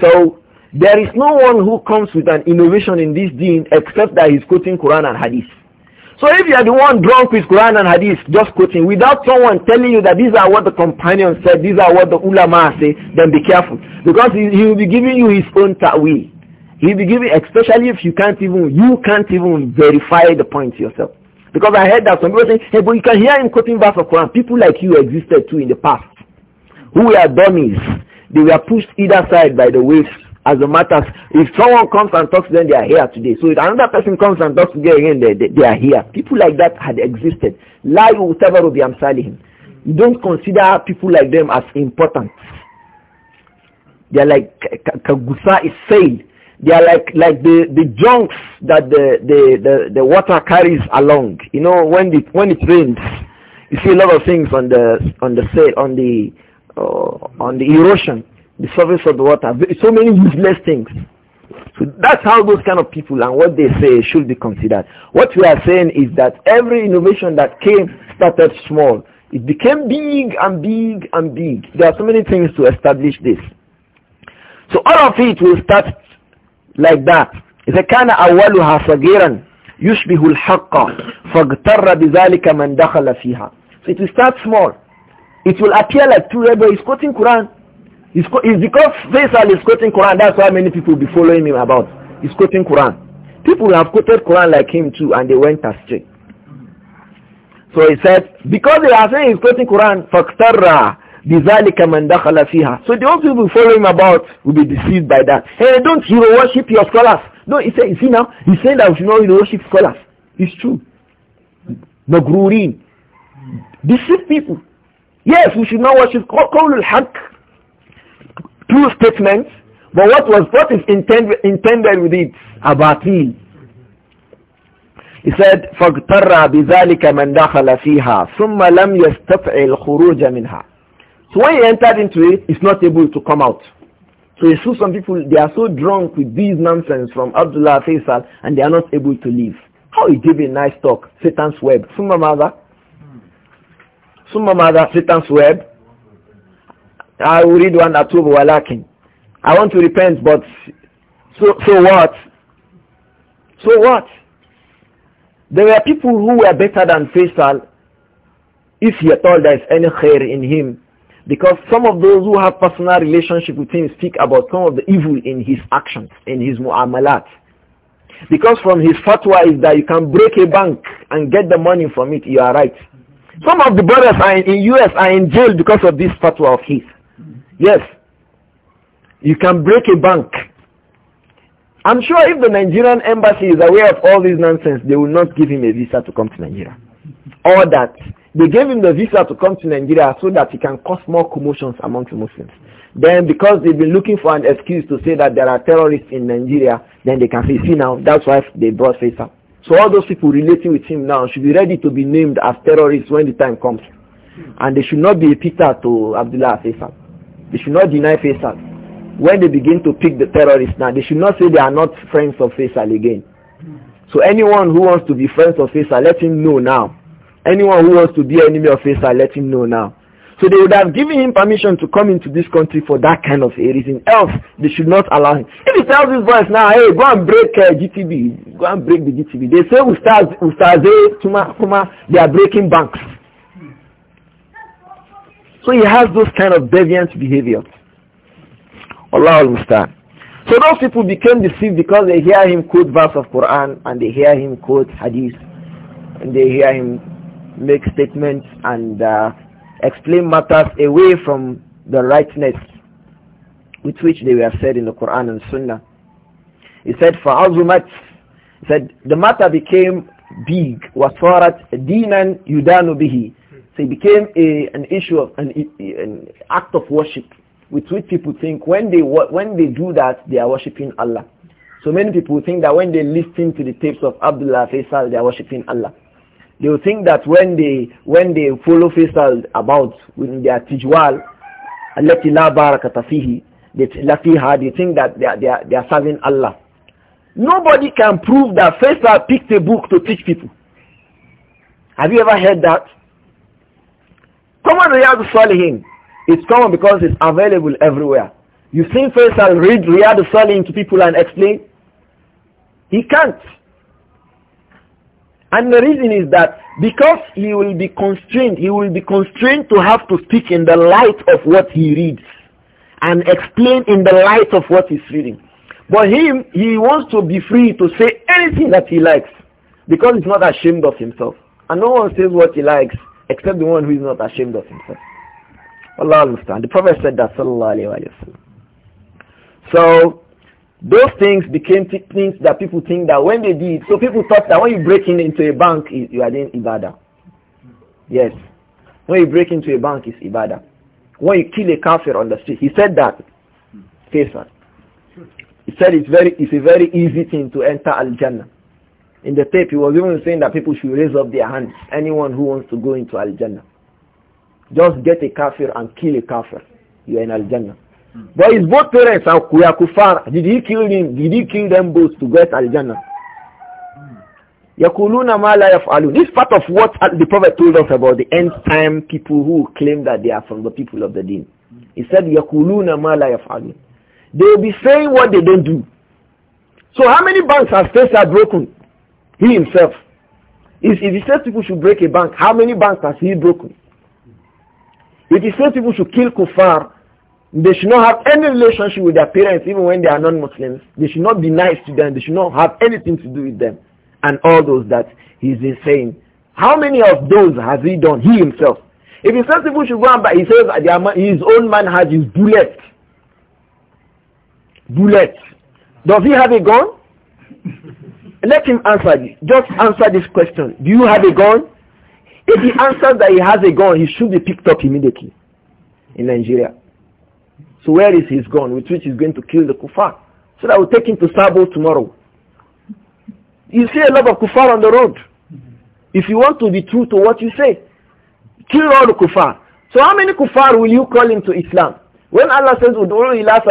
So there is no one who comes with an innovation in this deen except that he's quoting Quran and Hadith. So if you are the one drunk with Quran and Hadith, just quoting, without someone telling you that these are what the companions said, these are what the ulama say, then be careful. Because he, he will be giving you his own ta'wil. He'll be giving, especially if you can't even, you can't even verify the point yourself. Because I heard that some people saying, hey, but you can hear him quoting verse of Quran. People like you existed too in the past, who were dummies. They were pushed either side by the waves as the matters. If someone comes and talks to them, they are here today. So if another person comes and talks to them again, they, they, they are here. People like that had existed. La yutabaru bi amsalihim. You don't consider people like them as important. They are like Kagusa is saying. They are like like the the junks that the the the, the water carries along. You know when it when it rains, you see a lot of things on the on the on the uh, on the erosion the surface of the water, so many useless things. So that's how those kind of people and what they say should be considered. What we are saying is that every innovation that came started small. It became big and big and big. There are so many things to establish this. So all of it will start like that. إذا كان أولها صغيرا يشبه الحق فاغتر بذلك من دخل فيها. So it will start small. It will appear like two rebels quoting Quran. It's, it's because Faisal is quoting Quran, that's why many people will be following him about. He's quoting Quran. People have quoted Quran like him too, and they went astray. So he said, because they are saying he's quoting Quran, فَاقْتَرَّ بِذَلِكَ مَنْ دَخَلَ فِيهَا So those people following him about will be deceived by that. Hey, don't hero you worship your scholars. No, he said, you see now, he's saying that we should not hero worship scholars. It's true. Magrurin. deceive people. Yes, we should not worship Qawlul Haqq true statement, but what was what is intended intended with it? Abatil. He said, فَاغْتَرَّ بِذَلِكَ مَنْ دَخَلَ فِيهَا ثُمَّ لَمْ يَسْتَطْعِ الْخُرُوجَ مِنْهَا So when he entered into it, he's not able to come out. So you see some people, they are so drunk with these nonsense from Abdullah Faisal and they are not able to leave. How he gave a nice talk, Satan's web. Summa mother, Summa mother, Satan's web, I will read one atub walakin. I want to repent, but so, so what? So what? There were people who were better than Faisal, if he at all there is any khair in him. Because some of those who have personal relationship with him speak about some of the evil in his actions, in his mu'amalat. Because from his fatwa is that you can break a bank and get the money from it, you are right. Some of the brothers in, in US are in jail because of this fatwa of his. Yes. You can break a bank. I'm sure if the Nigerian embassy is aware of all this nonsense, they will not give him a visa to come to Nigeria. Or that they gave him the visa to come to Nigeria so that he can cause more commotions amongst Muslims. Then because they've been looking for an excuse to say that there are terrorists in Nigeria, then they can say, see now, that's why they brought Faisal. So all those people relating with him now should be ready to be named as terrorists when the time comes. And they should not be a Peter to Abdullah Faisal. They should not deny Faisal. When they begin to pick the terrorists now, they should not say they are not friends of Faisal again. So anyone who wants to be friends of Faisal, let him know now. Anyone who wants to be enemy of Faisal, let him know now. So they would have given him permission to come into this country for that kind of a reason. Else, they should not allow him. If he tells his boys now, hey, go and break uh, GTB, go and break the GTB. They say, Ustaz, Ustaz, eh, Tuma, Kuma, they are breaking banks. So he has those kind of deviant behavior. Allah al So those people became deceived because they hear him quote verse of Quran and they hear him quote hadith and they hear him make statements and uh, explain matters away from the rightness with which they were said in the Quran and Sunnah. He said, "For فَعَظُمَتْ He said, the matter became big. وَصَارَتْ دِينًا يُدَانُ بِهِ so it became a, an issue of an, an act of worship with which people think when they, when they do that, they are worshipping Allah. So many people think that when they listen to the tapes of Abdullah Faisal, they are worshipping Allah. They will think that when they, when they follow Faisal about with their tijwal, التي لا باركة فيه, they, they think that they are, they, are, they are serving Allah. Nobody can prove that Faisal picked a book to teach people. Have you ever heard that? Common Riyadh Salihin is common because it's available everywhere. you first, Faisal read Riyadh Salihin to people and explain? He can't. And the reason is that because he will be constrained, he will be constrained to have to speak in the light of what he reads and explain in the light of what he's reading. But him, he wants to be free to say anything that he likes because he's not ashamed of himself. And no one says what he likes except the one who is not ashamed of himself. Allah understand. The Prophet said that sallallahu alayhi wa So those things became things that people think that when they did, so people thought that when you break in into a bank, you are doing ibadah. Yes. When you break into a bank, it's ibadah. When you kill a kafir on the street, he said that. Faisal. He said it's very, it's a very easy thing to enter Al-Jannah. In the tape, he was even saying that people should raise up their hands, anyone who wants to go into Al-Jannah. Just get a kafir and kill a kafir. You are in Al-Jannah. Hmm. But his both parents are kufar. Did he kill him? Did he kill them both to get Al-Jannah? Hmm. Yakuluna ma la yaf'alun. This part of what the Prophet told us about the end time people who claim that they are from the people of the deen. Hmm. He said, Yakuluna ma la yaf'alun. They will be saying what they don't do. So how many banks have states are broken? He himself. If, if he says people should break a bank, how many banks has he broken? If he says people should kill kuffar, they should not have any relationship with their parents even when they are non-Muslims. They should not be nice to them. They should not have anything to do with them. And all those that he is saying. How many of those has he done? He himself. If he says people should go and buy, he says his own man has his bullet. Bullet. Does he have a gun? Let him answer. Just answer this question. Do you have a gun? If he answers that he has a gun, he should be picked up immediately in Nigeria. So where is his gun with which he's going to kill the kuffar? So that will take him to Sabo tomorrow. You see a lot of kuffar on the road. If you want to be true to what you say, kill all the kuffar. So how many kuffar will you call into Islam? When Allah says,